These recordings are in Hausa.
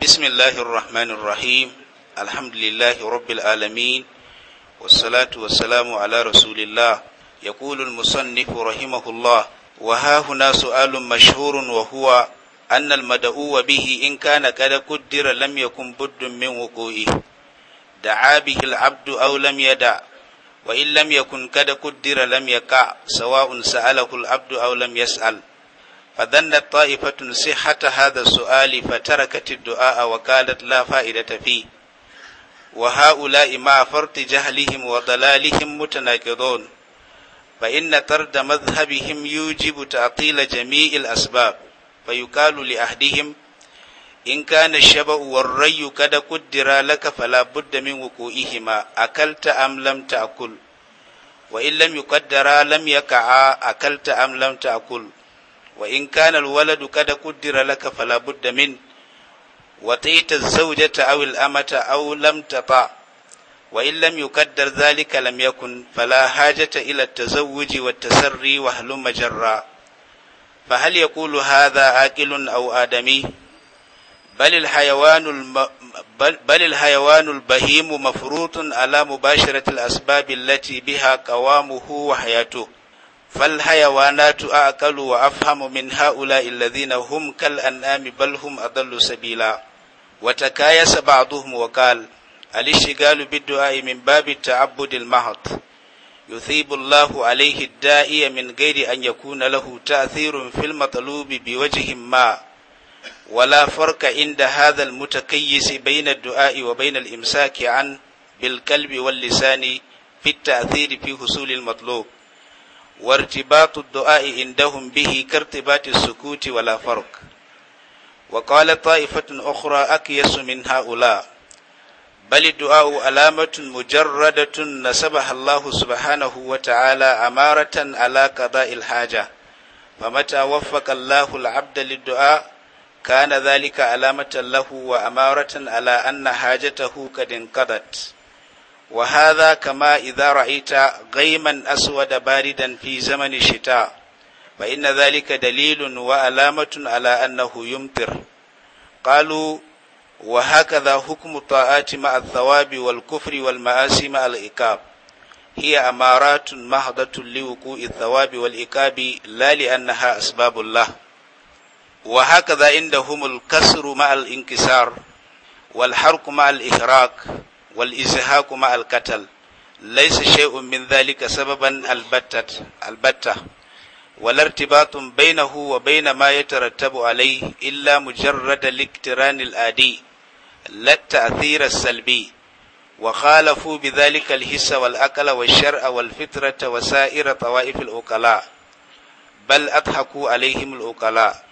بسم الله الرحمن الرحيم الحمد لله رب العالمين والصلاة والسلام على رسول الله يقول المصنف رحمه الله وها هنا سؤال مشهور وهو أن المدعو به إن كان قد قدر لم يكن بد من وقوعه دعا به العبد أو لم يدع وإن لم يكن قد قدر لم يقع سواء سأله العبد أو لم يسأل فظن الطائفة صحة هذا السؤال فتركت الدعاء وقالت لا فائدة فيه وهؤلاء مع فرط جهلهم وضلالهم متناقضون فإن طرد مذهبهم يوجب تعطيل جميع الأسباب فيقال لأحدهم إن كان الشبع والري قد قدر لك فلا بد من وقوعهما أكلت أم لم تأكل وإن لم يقدرا لم يقعا أكلت أم لم تأكل وإن كان الولد قد قدر لك فلا بد من وطئت الزوجة أو الأمة أو لم تطع وإن لم يقدر ذلك لم يكن فلا حاجة إلى التزوج والتسري وهلم جرا فهل يقول هذا عاقل أو آدمي بل الحيوان الم... بل... بل الحيوان البهيم مفروط على مباشرة الأسباب التي بها قوامه وحياته فالحيوانات أعقل وأفهم من هؤلاء الذين هم كالأنام بل هم أضل سبيلا وتكايس بعضهم وقال الاشتغال بالدعاء من باب التعبد المحض يثيب الله عليه الداعي من غير أن يكون له تأثير في المطلوب بوجه ما ولا فرق عند هذا المتكيس بين الدعاء وبين الإمساك عن بالقلب واللسان في التأثير في حصول المطلوب وارتباط الدعاء عندهم به كارتباط السكوت ولا فرق وقال طائفة أخرى أكيس من هؤلاء بل الدعاء علامة مجردة نسبها الله سبحانه وتعالى أمارة على قضاء الحاجة فمتى وفق الله العبد للدعاء كان ذلك علامة له وأمارة على أن حاجته قد انقضت وهذا كما إذا رأيت غيما أسود باردا في زمن الشتاء فإن ذلك دليل وألامة على أنه يمطر قالوا وهكذا حكم الطاعات مع الثواب والكفر والمعاصي مع الإكاب هي أمارات محضة لوقوع الثواب والإكاب لا لأنها أسباب الله وهكذا عندهم الكسر مع الانكسار والحرق مع الإحراق والإزهاق مع القتل ليس شيء من ذلك سببا البتة البتة ولا ارتباط بينه وبين ما يترتب عليه إلا مجرد الاقتران الآدي لا التأثير السلبي وخالفوا بذلك الهس والأكل والشرع والفطرة وسائر طوائف الأقلاء بل أضحكوا عليهم الأقلاء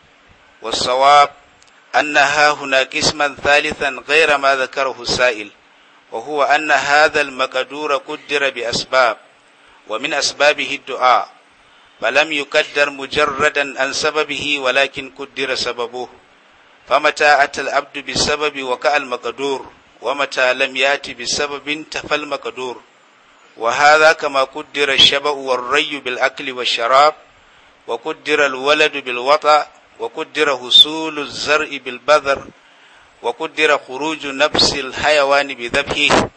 والصواب أنها هناك اسما ثالثا غير ما ذكره السائل وهو أن هذا المقدور قدر بأسباب ومن أسبابه الدعاء فلم يقدر مجردا عن سببه ولكن قدر سببه فمتى أتى العبد بسبب وقع المقدور ومتى لم يأتي بسبب تفى المقدور وهذا كما قدر الشبأ والري بالأكل والشراب وقدر الولد بالوطأ وقدر حصول الزرع بالبذر وقدر خروج نفس الحيوان بذبحه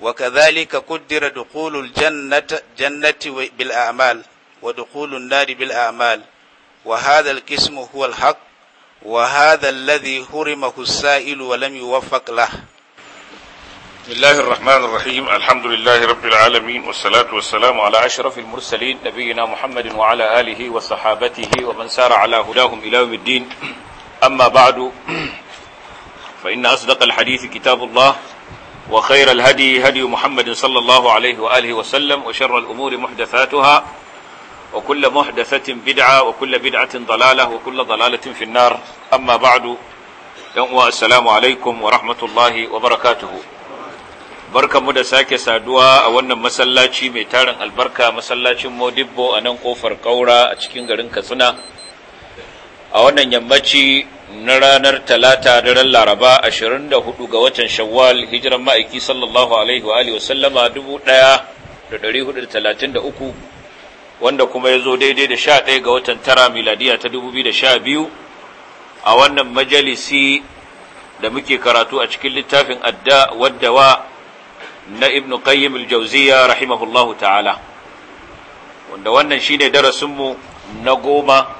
وكذلك قدر دخول الجنة جنة بالأعمال ودخول النار بالأعمال وهذا القسم هو الحق وهذا الذي حرمه السائل ولم يوفق له بسم الله الرحمن الرحيم الحمد لله رب العالمين والصلاة والسلام على أشرف المرسلين نبينا محمد وعلى آله وصحابته ومن سار على هداهم إلى يوم الدين أما بعد فإن أصدق الحديث كتاب الله وخير الهدي هدي محمد صلى الله عليه وآله وسلم وشر الأمور محدثاتها وكل محدثة بدعة وكل بدعة ضلالة وكل ضلالة في النار أما بعد السلام عليكم ورحمة الله وبركاته barkan mu da sake saduwa a wannan masallaci mai tarin albarka masallacin modibbo a nan kofar kaura a cikin garin katsina a wannan yammaci na ranar talata daren laraba 24 ga watan shawwal hijiran ma'aiki sallallahu alaihi wa alihi wasallama 1433 wanda kuma ya zo daidai da 11 ga watan tara miladiya ta 2012 a wannan majalisi da muke karatu a cikin littafin adda waddawa na ibn qayyim al-jawziya rahimahullahu ta'ala wanda wannan shine darasinmu na goma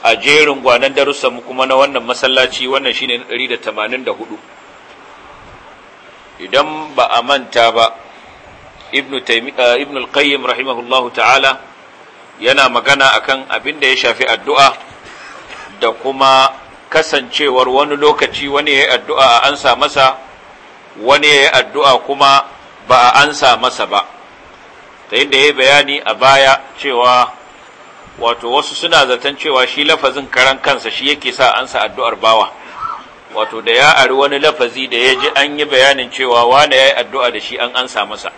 a jerin gwanan darussan mu kuma na wannan masallaci wannan shine na 184 idan ba a manta ba ibnu taymiya eh, ibnu al-qayyim rahimahullahu ta'ala yana magana akan abin da ya shafi addu'a da kuma kasancewar wani lokaci wani yayi addu'a a ansa masa wani yayi addu'a kuma ba a ansa masa ba ta yadda yayi bayani a baya cewa wato wasu suna zaton cewa shi lafazin karan kansa shi yake sa ansa addu'ar bawa wato da ya ari wani lafazi da ya ji an yi bayanin cewa wane ya yi addu'a da shi an ansa masa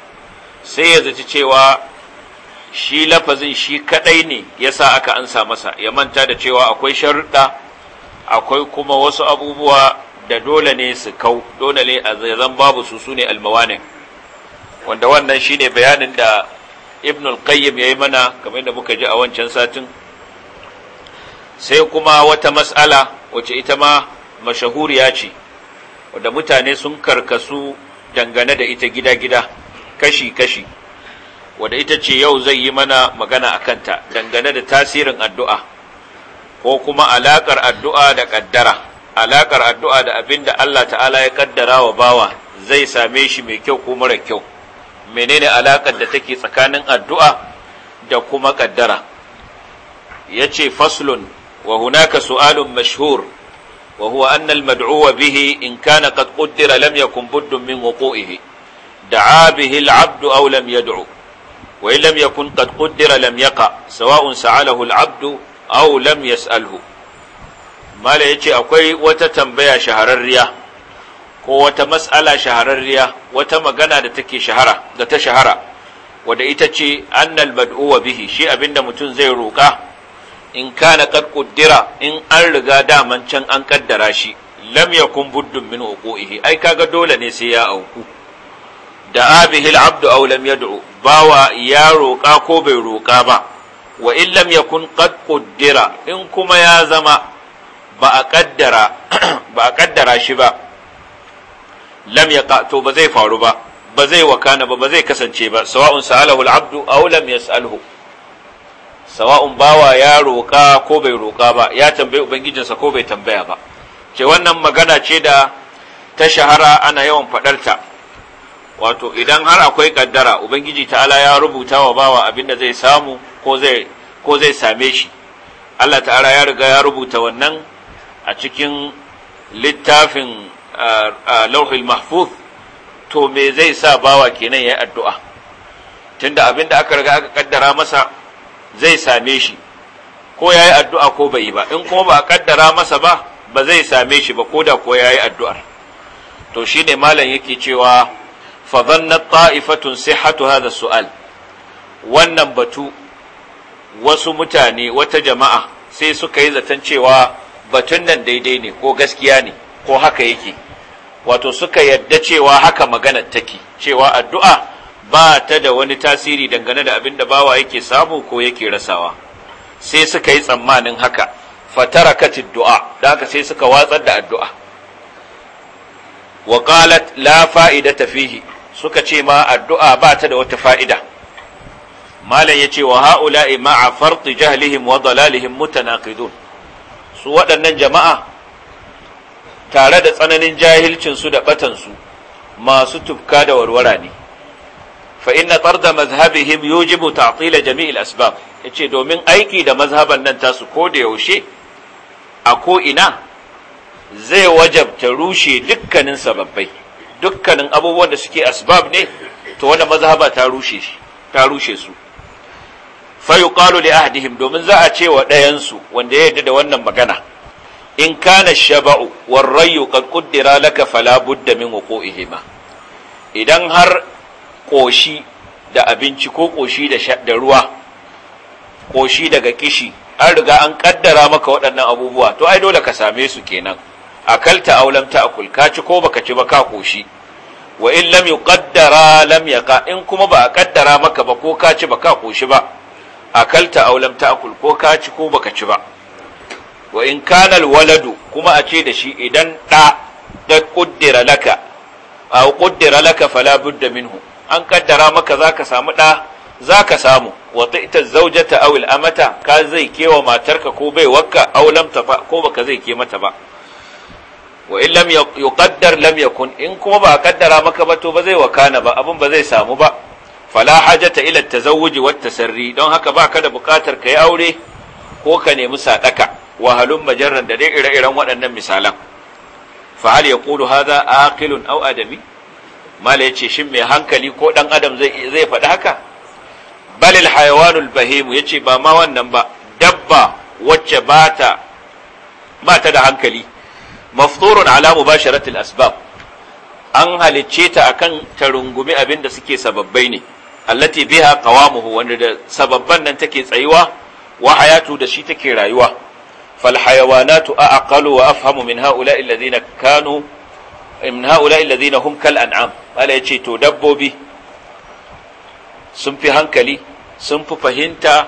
sai ya zaci cewa shi lafazin shi kaɗai ne ya sa aka ansa masa ya manta da cewa akwai sharuɗa akwai kuma wasu abubuwa da dole ne su kau dole ne a zan babu su su ne almawanin wanda wannan shi ne bayanin da ibn al-qayyim yayi mana kamar yadda muka ji a wancan satin sai kuma wata mas'ala wacce ita ma mashahuriya ce wanda mutane sun karkasu dangane da ita gida-gida kashi-kashi wanda ita ce yau zai yi mana magana a kanta dangane da tasirin addu'a ko kuma alaƙar addu'a da ƙaddara alaƙar addu'a da abin da Allah ta'ala ya ƙaddara wa bawa zai same shi mai kyau ko mara kyau menene alakar da take tsakanin addu'a da kuma Ya yace faslun wa hunaka su'alun mashhur wa huwa annal maduwa bihi in kana qad quddira lam yakun buddun min wuqu'ihi da'a bihi al-'abdu aw lam yad'u wa in lam yakun qad quddira lam yaqa sawa'un sa'alahu al-'abdu aw lam yas'alhu mala yace akwai wata tambaya shahararriya ko wata mas'ala shahararriya wata magana da take shahara da ta shahara wadda ita ce annal wa bihi shi abinda mutum zai roka in kana kad quddira in an riga daman can an kaddara shi lam yakun buddun min uquihi ai kaga dole ne sai ya auku da abihi al-abdu aw lam yad'u bawa ya roƙa ko bai roƙa ba wa in lam yakun qad in kuma ya zama ba a kaddara ba a kaddara shi ba lam yaqa to ba zai faru ba ba zai wakana ba ba zai kasance ba sawa'un sa'alahu al-abdu aw lam yas'alhu sawa'un bawa ya roƙa ko bai roƙa ba ya tambayi ubangijinsa ko bai tambaya ba ce wannan magana ce da ta shahara ana yawan faɗarta wato idan har akwai ƙaddara ubangiji ta'ala ya rubuta wa bawa abin da zai samu ko zai ko zai same shi Allah ta'ala ya riga ya rubuta wannan a cikin littafin a lauhul mahfuz to me zai sa bawa kenan yayi addu'a tunda abin da aka riga aka kaddara masa zai same shi ko yi addu'a ko bai ba in kuma ba a kaddara masa ba ba zai same shi ba koda ko yi addu'ar to shine malam yake cewa fa dhannat ta'ifatun sihhatu hadha su'al wannan batu wasu mutane wata jama'a sai suka yi zaton cewa batun nan daidai ne ko gaskiya ne ko haka yake wato suka yadda cewa haka magana take cewa addu'a ba ta da wani tasiri dangane da abin da bawa yake samu ko yake rasawa sai suka yi tsammanin haka fatarakatit du'a da haka sai suka watsar da addu'a wa qalat la fa'idata fihi suka ce ma addu'a ba ta da wata fa'ida malam yace wa ha'ula'i ma'a farti jahlihim wa dalalihim mutanaqidun su waɗannan jama'a tare da tsananin jahilcinsu da batansu masu tufka da warwara ne fa inna tarda mazhabihim yujibu ta'tila jami'il asbab yace domin aiki da mazhaban nan tasu ko da yaushe a ko ina zai wajabta rushe dukkanin sababbai dukkanin abubuwan da suke asbab ne to wanda mazhaba ta rushe shi ta rushe su fa yuqalu li ahdihim domin za a ce wa ɗayansu wanda ya yarda da wannan magana in kana shaba'u war rayu qad quddira laka fala budda min wuqu'ihima idan har koshi da abinci ko koshi da da ruwa koshi daga kishi an riga an kaddara maka waɗannan abubuwa to ai dole ka same su kenan akalta aw ta akul ka ci ko baka ci ba ka koshi wa in lam yuqaddara lam yaqa in kuma ba a kaddara maka ba ko ka ci ba ka koshi ba akalta aw ta akul ko ka ci ko baka ci ba wa in kana waladu kuma a ce da shi idan da da kuddira laka aw kuddira laka fala budda minhu an kaddara maka zaka samu da zaka samu wa ta'ita zawjata aw amata ka zai kewa matarka ko bai wakka aw lam tafa ko baka zai ke mata ba wa in lam yuqaddar lam yakun in kuma ba kaddara maka ba to ba zai wakana ba abin ba zai samu ba fala hajata ila tazawuji wat tasarri don haka ba da bukatar ka yi aure ko ka nemi sadaka wa halum majarran da dai ire-iren waɗannan misalan fa hal yaqulu hadha aqilun aw adami mala yace shin mai hankali ko ɗan adam zai faɗi haka Balil al hayawanul bahim yace ba ma wannan ba dabba wacce bata bata da hankali mafturun ala mubasharatil asbab an halicce ta akan ta rungumi abin suke sababbai ne allati biha qawamuhu wanda da sababban nan take tsayuwa wa hayatu da shi take rayuwa فالحيوانات أعقل وأفهم من هؤلاء الذين كانوا من هؤلاء الذين هم كالأنعام قال يجي تدبوا به sun fi hankali sun fi fahimta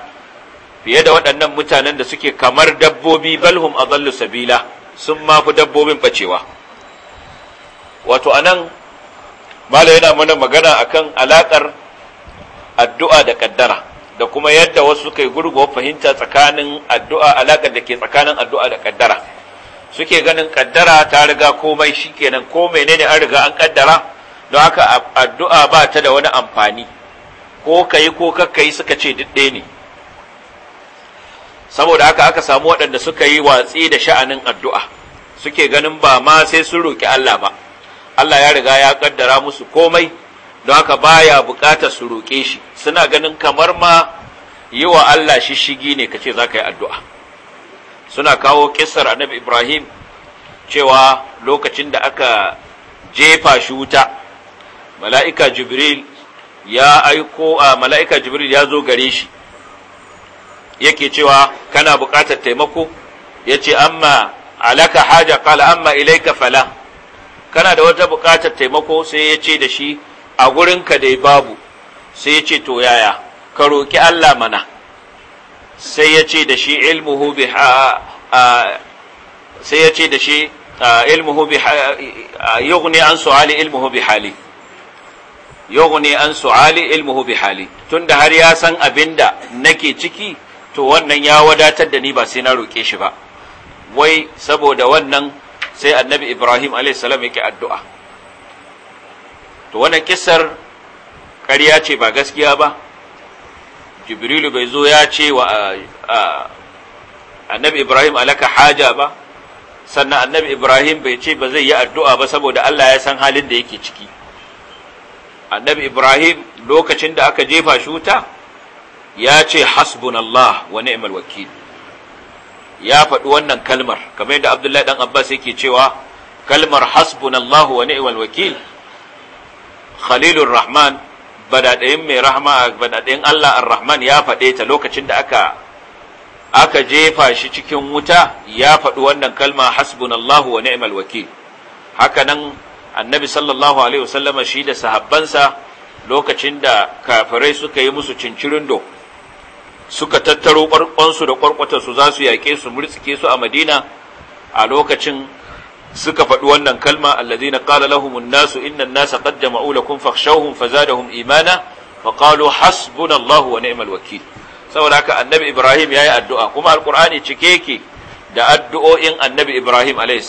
fiye da waɗannan mutanen da suke kamar dabbobi balhum a zallu sabila sun ma dabbobin bacewa wato a nan mala yana mana magana akan alaƙar addu'a da ƙaddara da kuma yadda wasu yi gurgo fahimta tsakanin addu'a alaƙar da ke tsakanin addu'a da ƙaddara suke ganin ƙaddara ta riga komai shikenan ko menene an riga an ƙaddara don haka addu'a ba ta da wani amfani ko kai ko kakkai suka ce duk ne saboda haka aka samu waɗanda suka yi watsi da sha'anin addu'a suke ganin ba ma sai sun roƙi Allah ba Allah ya riga ya ƙaddara musu komai don haka baya bukatar su roƙe shi suna ganin kamar ma yi wa Allah shishigi ne ka ce za ka yi addu'a suna kawo kisar annabi Ibrahim cewa lokacin da aka jefa shi wuta mala'ika Jibril ya aiko a mala'ika Jibril ya zo gare shi yake cewa kana buƙatar taimako ya ce amma alaka haja kala amma ilaika fala kana da wata bukatar taimako sai ya ce da shi a gurinka dai babu sai ya ce to yaya ka roƙi Allah mana sai ya ce da shi ilmuhu bi sai ya ce da shi ilmuhu bi yughni an su'ali ilmuhu bi hali yughni an su'ali ilmuhu bi hali tunda har ya san abinda nake ciki to wannan ya wadatar da ni ba sai na roƙe shi ba wai saboda wannan sai annabi Ibrahim alaihi salam yake addu'a to wannan kissar ƙarya ce ba gaskiya ba jibrilu bai zo ya ce wa annabi ibrahim alaka haja ba sannan annabi ibrahim bai ce ba zai yi addu'a ba saboda allah ya san halin da yake ciki annabi ibrahim lokacin da aka jefa shuta ya ce hasbunallah wa ni'mal wakil ya faɗi wannan kalmar kamar yadda abdullahi dan abbas yake cewa kalmar hasbunallah wa ni'mal wakil khalilur rahman badadayin mai rahma badadayin Allah ar-rahman ya faɗe ta lokacin da aka aka jefa shi cikin wuta ya faɗi wannan kalma hasbunallahu wa ni'mal wakil haka nan annabi sallallahu alaihi wasallama shi da sahabbansa lokacin da kafirai suka yi musu cincirindo suka tattaro ƙwarƙwansu da ƙwarƙwatarsu za su yaƙe su murtsike su a madina a lokacin suka faɗi wannan kalma allazi na lahum lahumun nasu inna nasa qad jama'u lakum da fazadahum imana wa qalu hasbunallahu wa ni'mal wakeel saboda haka annabi Ibrahim ya yi addu'a kuma alqur'ani cike yake da addu'o'in annabi Ibrahim alayhi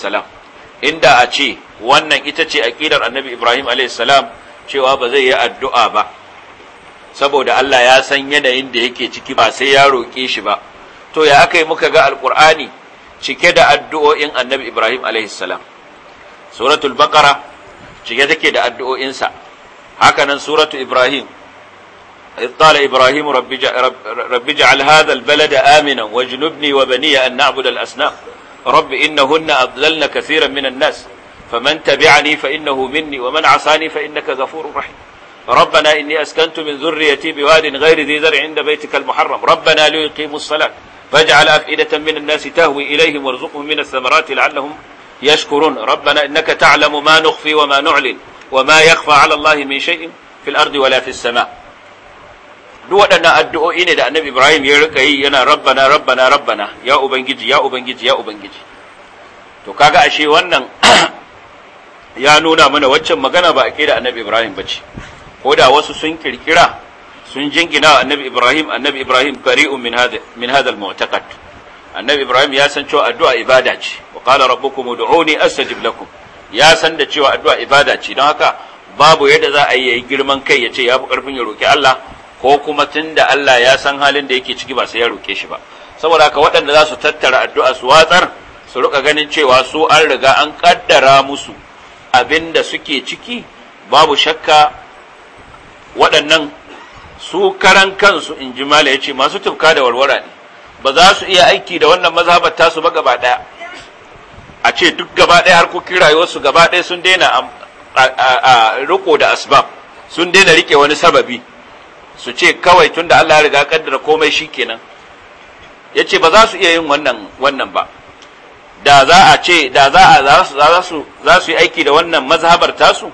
inda a ce wannan ita ce aƙidar annabi Ibrahim alayhi cewa ba zai yi addu'a ba saboda Allah ya san yanayin da yake ciki ba sai ya roƙe shi ba to ya aka yi muka ga alqur'ani cike da addu’o’in annabi Ibrahim alaihissalam. Suratul Baqara cike take da addu’o’insa, hakanan suratu Ibrahim, Iqtala Ibrahim rabbi ja’al hadal balada aminan wa jinubni wa baniya an na’abud al’asna, rabbi inna hunna adlal na kasiran minan nas, fa man tabi'ani fa innahu minni wa man asani fa innaka zafurur rahim. ربنا إني أسكنت من ذريتي بواد غير ذي زرع عند بيتك المحرم ربنا ليقيموا الصلاة فاجعل أفئدة من الناس تهوي إليهم وارزقهم من الثمرات لعلهم يشكرون ربنا إنك تعلم ما نخفي وما نعلن وما يخفى على الله من شيء في الأرض ولا في السماء duk waɗannan addu'o'i ne da annabi Ibrahim ya rika yi yana rabbana rabbana rabbana ya ubangiji ya ubangiji ya ubangiji to kaga ashe wannan ya nuna mana waccan magana ba a da annabi Ibrahim bace ko da wasu sun kirkira sun jingina wa annabi ibrahim annabi ibrahim bari'un min hada min hada almu'taqad annabi ibrahim ya san cewa addu'a ibada ce wa qala rabbukum ud'uni astajib lakum ya san da cewa addu'a ibada ce don haka babu yadda za a yi girman kai ya ce ya fi karfin ya roki Allah ko kuma tunda Allah ya san halin da yake ciki ba sai ya roke shi ba saboda haka waɗanda za su tattara addu'a su watsar su rika ganin cewa su an riga an kaddara musu abinda suke ciki babu shakka waɗannan su karan kansu in ji mala ya ce masu tufka da warwara ne ba za su iya aiki da wannan mazhabar tasu ba gaba ɗaya a ce duk gaba ɗaya harkokin rayuwarsu gaba ɗaya sun daina a riko da asbab sun daina rike wani sababi su ce kawai tun da Allah ya riga kaddara komai shi kenan. ya ce ba za su iya yin wannan wannan ba da za a ce da za a za su yi aiki da wannan mazhabar tasu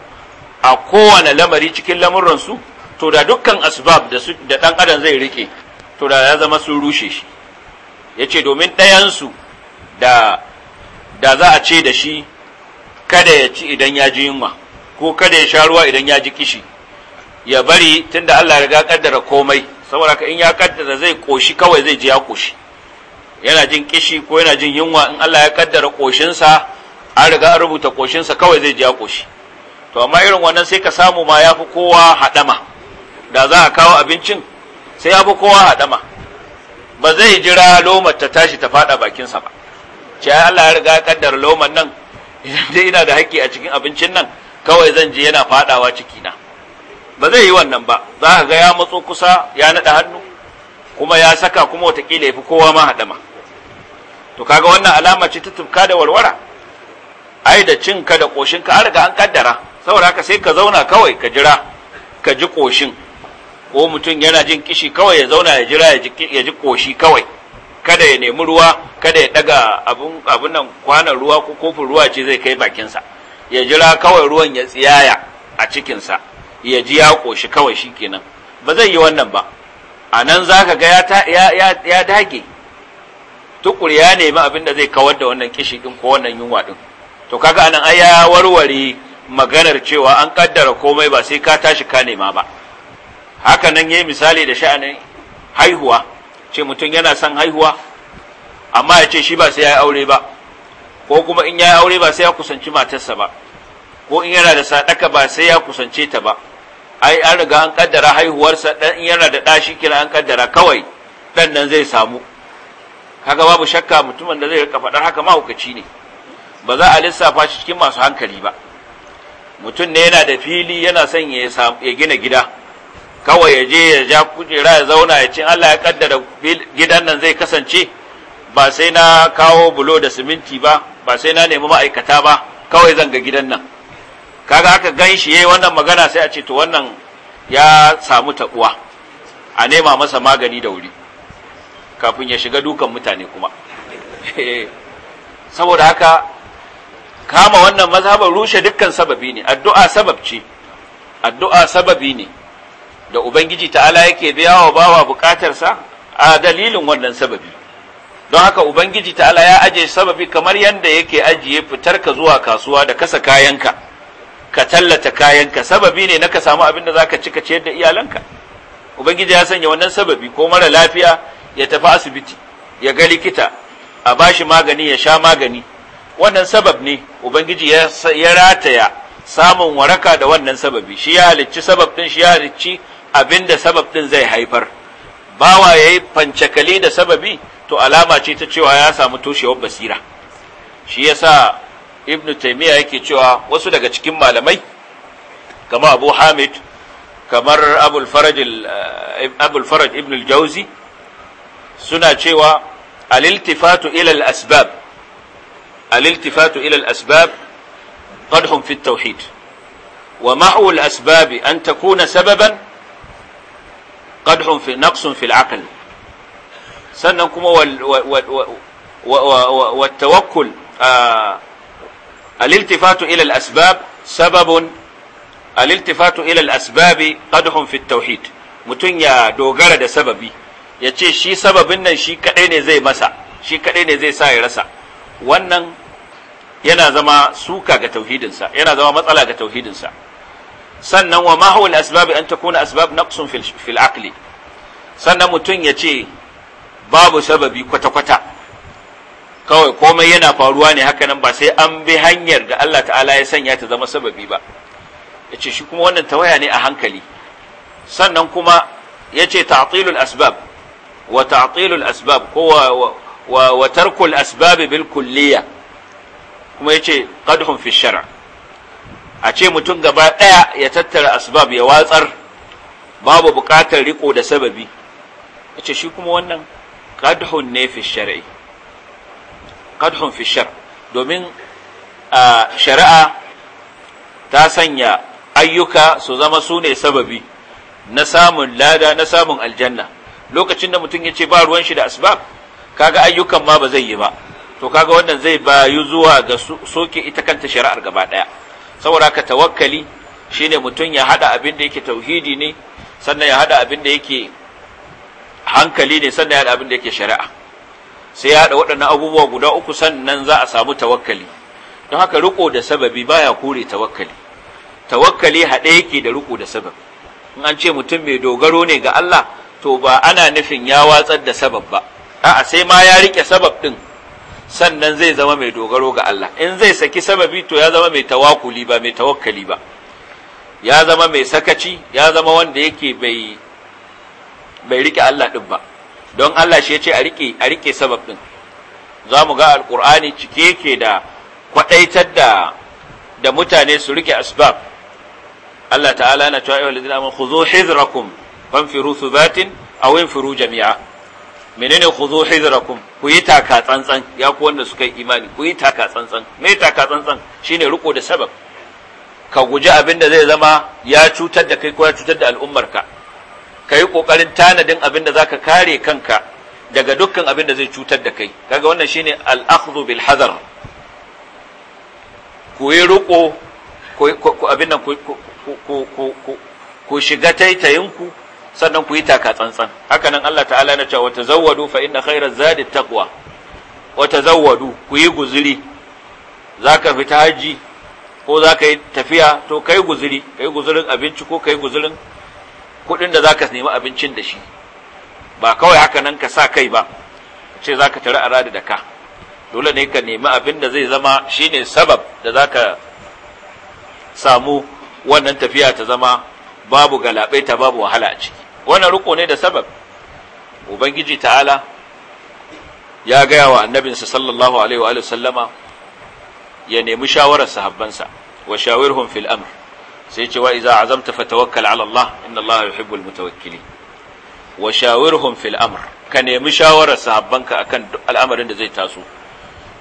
a kowane lamari cikin lamuransu to da dukkan asbab da ɗan adam zai rike to da ya zama sun rushe shi ya ce domin ɗayansu da da za a ce da shi kada ya ci idan ya ji yunwa ko kada ya sha ruwa idan ya ji kishi ya bari tunda Allah ya kaddara komai saboda ka in ya kaddara zai koshi kawai zai ji ya koshi yana jin kishi ko yana jin yunwa in Allah ya kaddara koshinsa an riga an rubuta koshinsa kawai zai ji ya koshi to amma irin wannan sai ka samu ma ya fi kowa haɗama da za a kawo abincin sai ya bi kowa haɗama ba zai jira lomar ta tashi ta faɗa bakinsa ba ce Allah ya riga kaddara lomar nan idan ina da haƙƙi a cikin abincin nan kawai zan je yana faɗawa cikina ba zai yi wannan ba za ka ga ya matso kusa ya naɗa hannu kuma ya saka kuma watakila ya fi kowa ma haɗama to kaga wannan alama ce ta tufka da warwara ai da cinka da ƙoshinka an riga an kaddara saboda haka sai ka zauna kawai ka jira ka ji ƙoshin ko mutum yana jin kishi kawai ya zauna ya jira ya ji koshi kawai kada ya nemi ruwa kada ya daga abun abun nan kwanan ruwa ko kofin ruwa ce zai kai bakinsa ya jira kawai ruwan ya tsiyaya a cikinsa ya ji ya koshi kawai shikenan ba zai yi wannan ba a nan za ka ga ya dage tukur ya nemi abin da zai kawar da wannan kishi ɗin ko wannan yunwa ɗin to kaga anan ai ya warware maganar cewa an kaddara komai ba sai ka tashi ka nema ba haka nan yayi misali da sha'anin haihuwa ce mutum yana son haihuwa amma ya ce shi ba sai ya yi aure ba ko kuma in ya yi aure ba sai ya kusanci matarsa ba ko in yana da sadaka ba sai ya kusance ta ba ai an riga an kaddara haihuwarsa dan in yana da ɗashi shi kira an kaddara kawai dan nan zai samu kaga babu shakka mutumin da zai rika faɗar haka mahaukaci ne ba za a lissafa shi cikin masu hankali ba mutum ne yana da fili yana son ya gina gida kawai ya je ya ja kujera ya zauna ya ce Allah ya kaddara gidan nan zai kasance ba sai na kawo bulo da siminti ba ba sai na nemi ma'aikata ba kawai zan ga gidan nan kaga aka gan shi yayi wannan magana sai a ce to wannan ya samu tabuwa a nema masa magani da wuri kafin ya shiga dukan mutane kuma eh, saboda haka kama wannan mazhabar rushe dukkan sababi ne addu'a sabab ce addu'a sababi ne da ubangiji ta'ala yake biya wa bawa bukatarsa a dalilin wannan sababi don haka ubangiji ta'ala ya aje sababi kamar yadda yake ajiye fitar ka zuwa kasuwa da kasa kayanka ka tallata kayanka sababi ne na ka samu abin da za ci ka ciyar da iyalanka ubangiji ya sanya wannan sababi ko mara lafiya ya tafi asibiti ya ga likita a bashi magani ya sha magani wannan sabab ne ubangiji ya rataya samun waraka da wannan sababi shi ya halicci sabab ɗin shi ya halicci abinda sabab din zai haifar bawa yayi fancakali da sababi to alama ce ta cewa ya samu toshewar basira shi yasa ibn taymiya yake cewa wasu daga cikin malamai kamar abu hamid kamar abul faraj eh, ibn al-jauzi suna cewa al ilal asbab al ilal asbab qadhum fi tauhid wa ma'u al-asbab an takuna sababan qadhun fi naqsun fil aql sannan kuma wa tawakkul al-iltifatu ila al-asbab sababun al ya dogara da sababi yace shi sababin nan shi kadai ne zai masa shi kadai ne zai sa ya rasa wannan yana zama suka ga tauhidinsa yana zama matsala ga tauhidinsa sannan wa ma huwa an takuna asbab naqsun fil fil filakli. sannan mutum ya ce babu sababi kwata kwata kawai komai yana faruwa ne hakanan ba sai an bi hanyar da Allah ta'ala ya sanya ta zama sababi ba ya ce shi kuma wannan tawaya ne a hankali sannan kuma ya ce ta'tilul asbab wa ta'tilul asbab ko wa wa tarkul asbab bil kulliya kuma ya ce qadhum fi shara' a ce mutum gaba ɗaya ya tattara asbab ya watsar babu buƙatar riko da sababi a ce shi kuma wannan kadhun ne fi shari'i kadhun fi shar domin shari'a ta sanya ayyuka su zama su ne sababi na samun lada na samun aljanna lokacin da mutum ya ce ba ruwan shi da asbab kaga ayyukan ma ba zai yi ba to kaga wannan zai bayu zuwa ga soke ita kanta shari'ar gaba ɗaya saboda ka tawakkali shine mutum ya hada abin da yake tauhidi ne sannan ya hada abin da yake hankali ne sannan ya hada abin da yake shari'a sai ya hada waɗannan abubuwa guda uku sannan za a samu tawakkali don haka riko da sababi baya kore tawakkali tawakkali haɗe yake da riko da sababi in an ce mutum mai dogaro ne ga Allah to ba ana nufin ya watsar da sabab ba a'a sai ma ya rike sabab din sannan zai zama mai dogaro ga Allah in zai saki sababi to ya zama mai tawakuli ba mai tawakkali ba ya zama mai sakaci ya zama wanda yake bai bai rike Allah din ba don Allah shi ya ce a rike a rike sabab din za mu ga alkur'ani cike yake da kwadaitar da da mutane su rike asbab Allah ta'ala na cewa ayyuhal ladina amanu khudhu hizrakum fanfiru thubatin aw infiru jami'a menene khudhu hidrakum ku yi taka tsantsan ya ku wanda suka yi imani ku yi taka tsantsan me taka tsantsan shine riko da sabab ka guji abin da zai zama ya cutar da kai ko ya cutar da al'ummarka ka yi kokarin tanadin abin da zaka kare kanka daga dukkan abin da zai cutar da kai kaga wannan shine al-akhdhu bil hadar ku yi riko abin nan ku shiga taitayinku sannan ku yi taka tsantsan haka nan Allah ta'ala na cewa tazawwadu fa inna khairaz zadi taqwa wa tazawwadu ku yi guzuri zaka fita haji ko zaka yi tafiya to kai guzuri kai guzurin abinci ko kai guzurin kuɗin da zaka nemi abincin da shi ba kawai haka nan ka sa kai ba ce zaka tare a radi da ka dole ne ka nemi abin da zai zama shine sabab da zaka samu wannan tafiya ta zama babu galabaita babu wahala a ciki wannan riko ne da sabab ubangiji ta'ala ya gaya wa annabinsa sallallahu alaihi wa sallama ya nemi shawarar sahabbansa wa shawirhum fil amr sai ce wa idza azamta fatawakkal ala Allah inna Allah yuhibbul mutawakkilin wa shawirhum fil amr ka nemi shawarar sahabbanka akan al'amarin da zai taso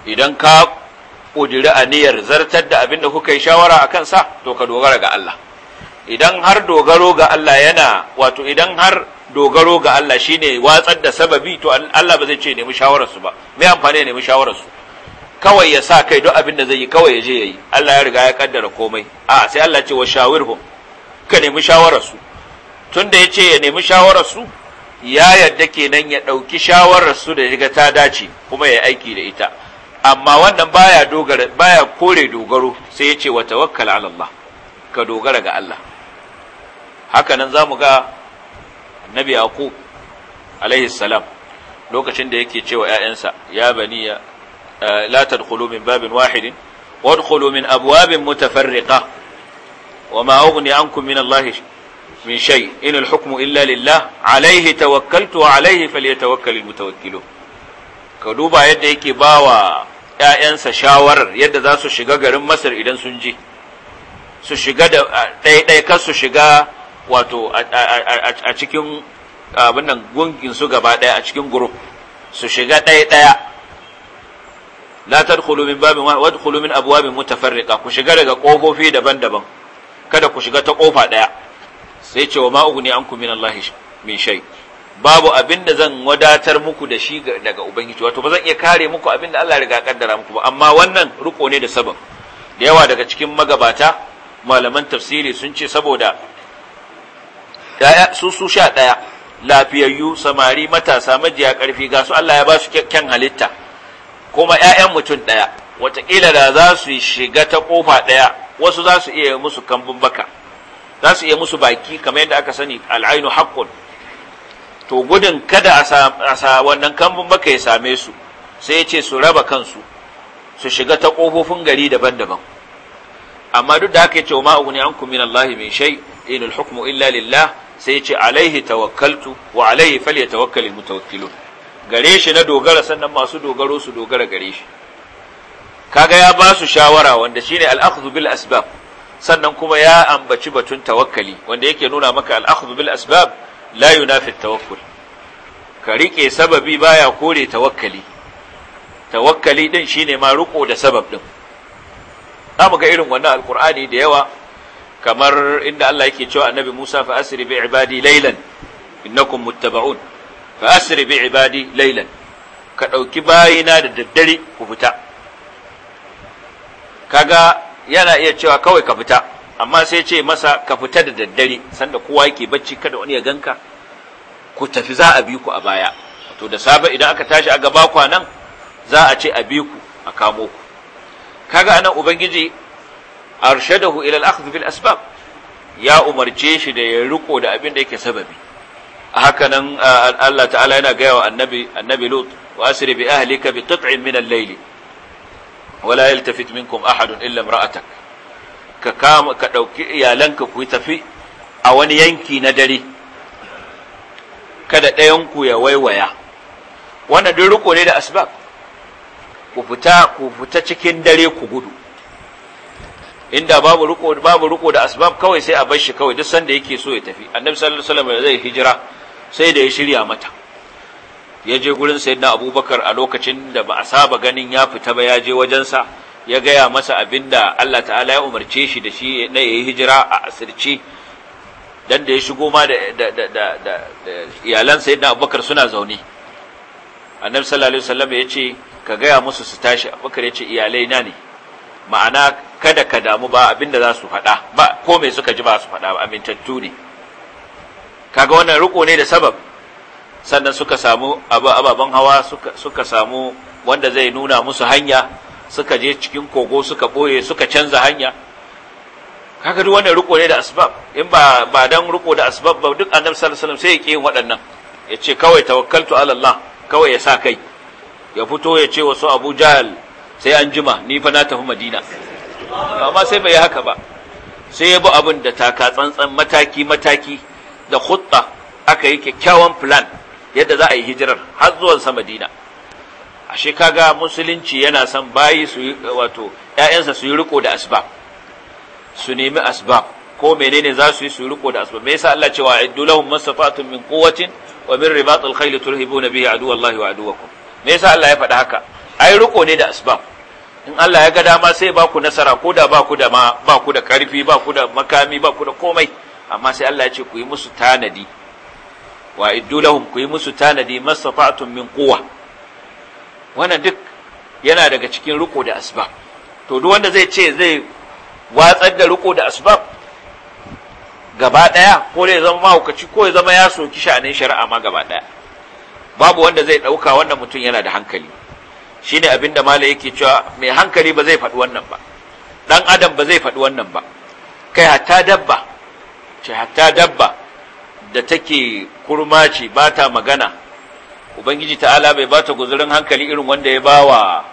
idan ka kudiri aniyar zartar da abin da kuka yi shawara akan sa to ka dogara ga Allah idan har dogaro ga Allah yana wato idan har dogaro ga Allah shine watsar da sababi to Allah ba zai ce nemi shawararsu ba mai amfani ya nemi shawararsu kawai ya sa kai duk abin da zai yi kawai ya je yayi Allah ya riga ya kaddara komai a sai Allah ce wa shawirhum ka nemi shawararsu tunda ya ce ya nemi shawararsu ya yadda kenan ya ɗauki shawararsu da riga ta dace kuma ya aiki da ita amma wannan baya dogara baya kore dogaro sai ya ce wa tawakkal ala Allah ka dogara ga Allah hakanan za mu ga annabi Aku. alaihi salam lokacin da yake cewa ‘ya'yansa, ya bani eh, la tadkhulu min babin wahidin, wadkhulu min abwabin mutafarriqa wa ma ughni min Allah min shai. in al-hukmu illa lillah alayhi tawakkaltu wa alayhi falyatawakkal al-mutawakkilun ka duba yadda yake bawa ‘ya'yansa shawarar yadda za su shiga garin Masar idan sun je su shiga da ɗaiɗai kar su shiga wato a cikin abin nan gungin su gaba ɗaya a cikin group su shiga ɗaya ɗaya la tadkhulu min babin wa tadkhulu min abwabin mutafarriqa ku shiga daga kofofi daban-daban kada ku shiga ta kofa ɗaya sai ce wa ma ugni anku min Allah min shay babu abin da zan wadatar muku da shi daga ubangiji wato ba zan iya kare muku abin da Allah ya riga kaddara muku ba amma wannan riko ne da sabon da yawa daga cikin magabata malaman tafsiri sun ce saboda ya su su sha ɗaya lafiyayyu samari matasa majiya ƙarfi ga su Allah ya ba su kyakkyan halitta kuma ‘ya'yan mutum ɗaya wataƙila da za su shiga ta ƙofa ɗaya wasu za su iya musu kambun baka za su iya musu baki kamar yadda aka sani al'ainu haƙƙun to gudun kada a sa wannan kambun baka ya same su sai ya ce su raba kansu su shiga ta ƙofofin gari daban-daban amma duk da aka ya ce wa ma'uguni an kumin Allah mai shai inul hukmu illa lillah sai ce alaihi tawakkaltu wa alaihi falyatawakkalul mutawakkilun gare shi na dogara sannan masu dogaro su dogara gare shi kaga ya ba su shawara wanda shine al-akhdhu bil asbab sannan kuma ya ambaci batun tawakkali wanda yake nuna maka al-akhdhu bil asbab la yunafi tawakkul ka rike sababi baya kore tawakkali tawakkali din shine ma riko da sabab din zamu ga irin wannan alqur'ani da yawa kamar inda Allah yake cewa annabi Musa fa asri bi ibadi laylan innakum muttaba'un fa asri bi ibadi laylan ka dauki bayina da daddare ku fita kaga yana iya cewa kawai ka fita amma sai ce masa ka fita da daddare sanda kowa yake bacci kada wani ya ganka ku tafi za a bi ku a baya to da safe idan aka tashi a gaba kwanan za a ce a bi ku a kamo ku kaga anan ubangiji arshadahu ila al-akhdh bil asbab ya umarce shi da ya riko da abin da yake sababi hakanan nan Allah ta'ala yana gaya wa annabi annabi lut wa asri bi ahlika bi qit'in min al-layli wa la yaltafit minkum ahadun illa imra'atak ka kama ka dauki iyalanka ku tafi a wani yanki na dare kada ɗayan ku ya waiwaya wannan duk riko ne da asbab ku fita ku fita cikin dare ku gudu inda babu riko babu riko da asbab kawai sai a bar shi kawai duk sanda yake so ya tafi annabi sallallahu alaihi wasallam zai hijira sai da ya shirya mata ya je gurin sayyidina abubakar a lokacin da ba a saba ganin ya fita ba ya je wajensa ya gaya masa abinda Allah ta'ala ya umarce shi da shi na yayi hijira a asirce dan da ya shigo ma da iyalan sayyidina abubakar suna zaune annabi sallallahu alaihi wasallam ya ce ka gaya musu su tashi abubakar ya ce iyalai na ne ma'ana kada ka damu ba abinda za su faɗa ba ko me suka ji ba su faɗa ba amintattu ne kaga wannan riko ne da sabab sannan suka samu ababen hawa suka samu wanda zai nuna musu hanya suka je cikin kogo suka ɓoye suka canza hanya kaga duk wannan riko ne da asbab in ba ba dan riko da asbab ba duk annabi sallallahu alaihi wasallam sai ya ƙi waɗannan ya ce kawai tawakkaltu ala kawai ya sa kai ya fito ya ce wasu Abu Jahl sai an jima ni fa na tafi Madina amma sai bai yi haka ba sai ya bi abin da taka tsantsan mataki mataki da khutta aka yi kyakkyawan plan yadda za a yi hijirar har zuwan sa Madina ashe kaga musulunci yana son bayi su wato ƴaƴansa su yi riko da asbab su nemi asbab ko menene za su yi su riko da asbab me yasa Allah cewa iddu lahum masafatun min quwwatin wa min ribatil khayl turhibuna bihi aduwallahi wa aduwakum me yasa Allah ya faɗa haka ai riko ne da asbab in Allah ya ga dama sai ba ku nasara ko da ba ku da ma ba ku da karfi ba ku da makami ba ku da komai amma sai Allah ya ce ku yi musu tanadi wa iddu ku yi musu tanadi masafatun min quwa wannan duk yana daga cikin riko da asbab to duk wanda zai ce zai watsar da riko da asbab gaba daya ko zai zama mahaukaci ko ya zama ya soki sha'anin shari'a ma gaba daya babu wanda zai dauka wannan mutum yana da hankali Shi ne abin da mala yake cewa mai hankali ba zai faɗi wannan ba dan adam ba zai faɗi wannan ba kai hatta dabba ce hatta dabba da take kurma ce ba ta magana ubangiji ta'ala bai ba ta guzurin hankali irin wanda ya bawa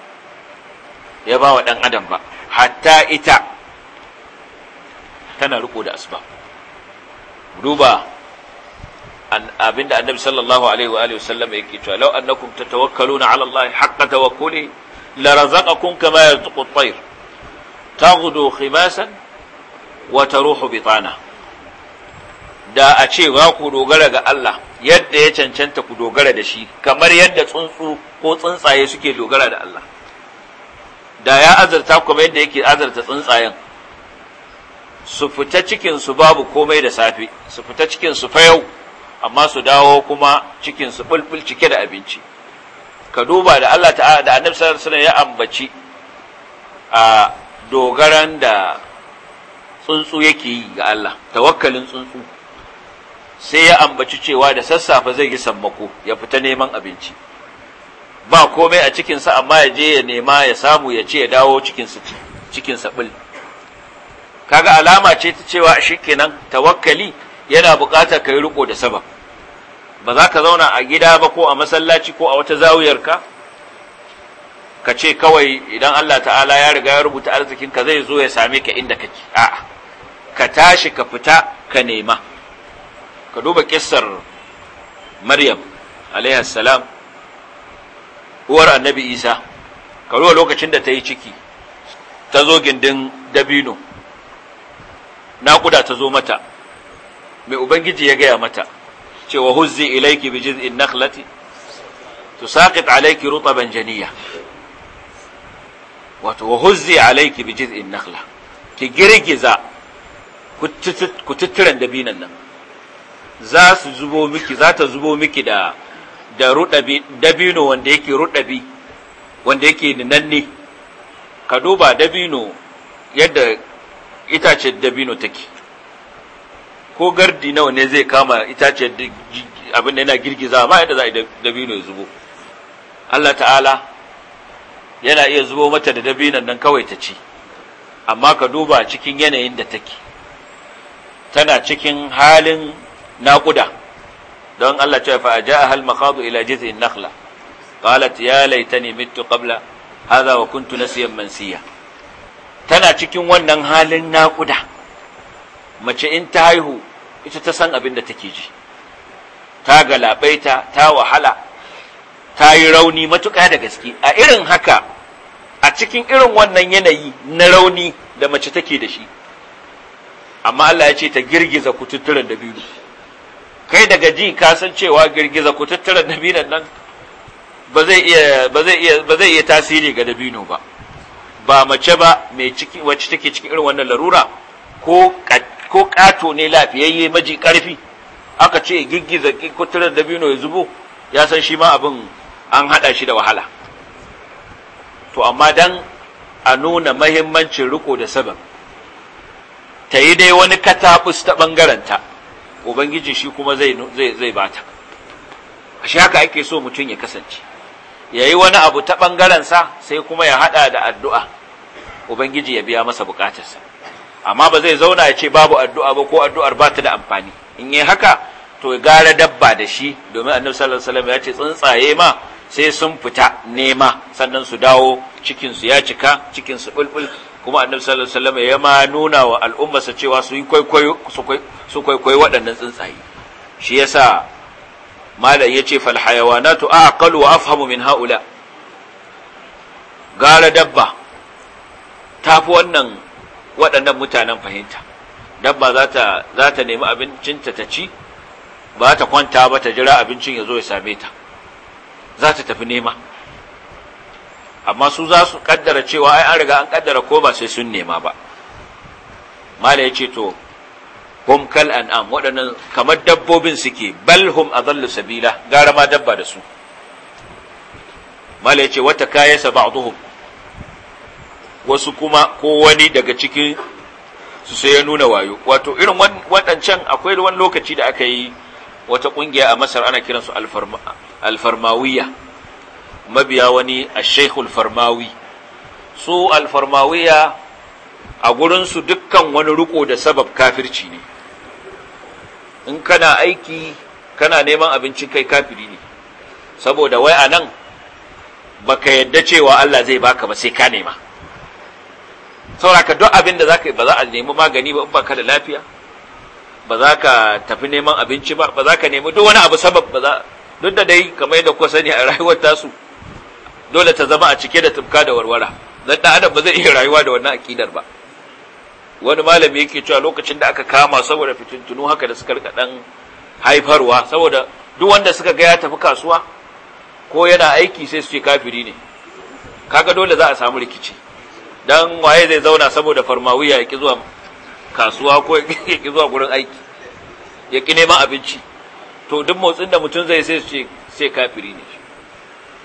ya bawa dan adam ba hatta ita tana riko da asuba. duba abinda annabi sallallahu alaihi wa alihi wasallam yake cewa law annakum tatawakkaluna ala allahi haqqa tawakkuli la razaqakum kama yarzuqu at-tayr taghdu khimasan wa taruhu bitana da a ce ba ku dogara ga Allah yadda ya cancanta ku dogara da shi kamar yadda tsuntsu ko tsuntsaye suke dogara da Allah da ya azarta kuma yadda yake azarta tsuntsayen su fita cikin su babu komai da safe su fita cikin su fa yau amma su dawo kuma cikin su bulbul cike da abinci ka duba da Allah ta'ala da Annabi sallallahu alaihi ya ambaci a dogaran da tsuntsu yake yi ga Allah tawakkalin tsuntsu sai ya ambaci cewa da sassafe zai yi sammako ya fita neman abinci ba komai a cikinsa amma ya je ya nema ya samu ya ce ya dawo cikinsa sa bul kaga alama ce ta cewa shikenan tawakkali yana buƙatar ka yi riko da sabab ba za ka zauna a gida ba ko a masallaci ko a wata zawiyarka ka ce kawai idan Allah ta'ala ya riga ya rubuta arzikinka zai zo ya same ka inda kake a'a ka tashi ka fita ka nema ka duba kissar Maryam alaiha salam uwar annabi Isa ka duba lokacin da ta yi ciki ta zo gindin dabino naƙuda ta zo mata mai ubangiji ya gaya mata cewa huzzi ilaiki bi jiz'in nakhlati tusaqit alayki rutban janiya wato wa huzzi alayki bi jiz'in nakhla ki girgiza ku tutturan binan nan za su zubo miki za ta zubo miki da da rudabi dabino wanda yake rudabi wanda yake nanne ka duba dabino yadda itacen dabino take ko gardi nawa ne zai kama itaciyar abin da yana girgiza ba yadda za a yi dabino ya zubo Allah ta'ala yana iya zubo mata da dabinan nan kawai ta ci amma ka duba cikin yanayin da take tana cikin halin naƙuda don Allah ce fa ja'a hal makhadu ila jiz'in nakhla qalat ya laitani mittu qabla hadha wa kuntu nasiyan mansiya tana cikin wannan halin naƙuda mace in ta haihu ita ta san abin da take ji ta galabaita ta wahala ta yi rauni matuƙa da gaske a irin haka a cikin irin wannan yanayi na rauni da mace take da shi amma Allah ya ce ta girgiza kututturen da kai daga ji ka san cewa girgiza kututturen da biyu nan ba zai iya ba zai iya tasiri ga dabino ba ba mace ba mai ciki wacce take cikin irin wannan larura ko ko ƙato ne lafiyayye maji ƙarfi aka ce giggiza kuturar dabino ya zubo ya san shi ma abin an haɗa shi da wahala to amma dan a nuna mahimmancin riko da sabab ta yi dai wani katabus ta ta, ubangiji shi kuma zai bata shi haka ake so mutum ya kasance ya yi wani abu ta ɓangarensa sai kuma ya haɗa da addu'a ubangiji ya biya masa bukatarsa amma ba zai zauna ya ce babu addu'a ba ko addu'ar ba ta da amfani in yi haka to gara dabba da shi domin annabi sallallahu alaihi wasallam ya ce tsuntsaye ma sai sun fita nema sannan su dawo cikin su ya cika cikin su bulbul kuma annabi sallallahu alaihi wasallam ya ma nuna wa al'ummarsa cewa su yi kwaikwayo su kwaikwayo waɗannan tsuntsaye shi yasa malam yace fal hayawanatu aqalu wa afhamu min haula gara dabba tafi wannan waɗannan mutanen fahimta dabba za ta za ta nemi abincinta ta ci ba ta kwanta ba ta jira abincin ya zo ya same ta za ta tafi nema amma su za su kaddara cewa ai an riga an kaddara ko ba sai sun nema ba mala ya ce to hum kal an'am waɗannan kamar dabbobin suke bal hum adallu sabila gara ma dabba da su mala ya ce wata kayasa ba'dhum wasu kuma ko wani daga ciki su sai ya nuna wayo wato irin waɗancan akwai wani lokaci da aka yi wata ƙungiya a masar ana kiransu alfarmawiya mabiya wani a shaikhul farmawi su alfarmawiya a gurinsu dukkan wani riko da sabab kafirci ne in kana aiki kana neman abincin kai kafiri ne saboda wai a nan ba ka yadda cewa allah zai baka ba sai ka nema sauraka duk abin da za ka yi ba za a nemi magani ba in ba ka da lafiya ba za ka tafi neman abinci ba ba za ka nemi duk wani abu sabab ba za duk da dai kamar yadda kuka sani a rayuwar tasu dole ta zama a cike da tumka da warwara dan da adam ba zai iya rayuwa da wannan akidar ba wani malami yake cewa lokacin da aka kama saboda fitintunu haka da suka rika dan haifarwa saboda duk wanda suka ga ya tafi kasuwa ko yana aiki sai su ce kafiri ne kaga dole za a samu rikici dan waye zai zauna saboda farmawiya ya ki zuwa kasuwa ko ya ki zuwa gurin aiki ya ki neman abinci to duk motsin da mutum zai sai ce sai kafiri ne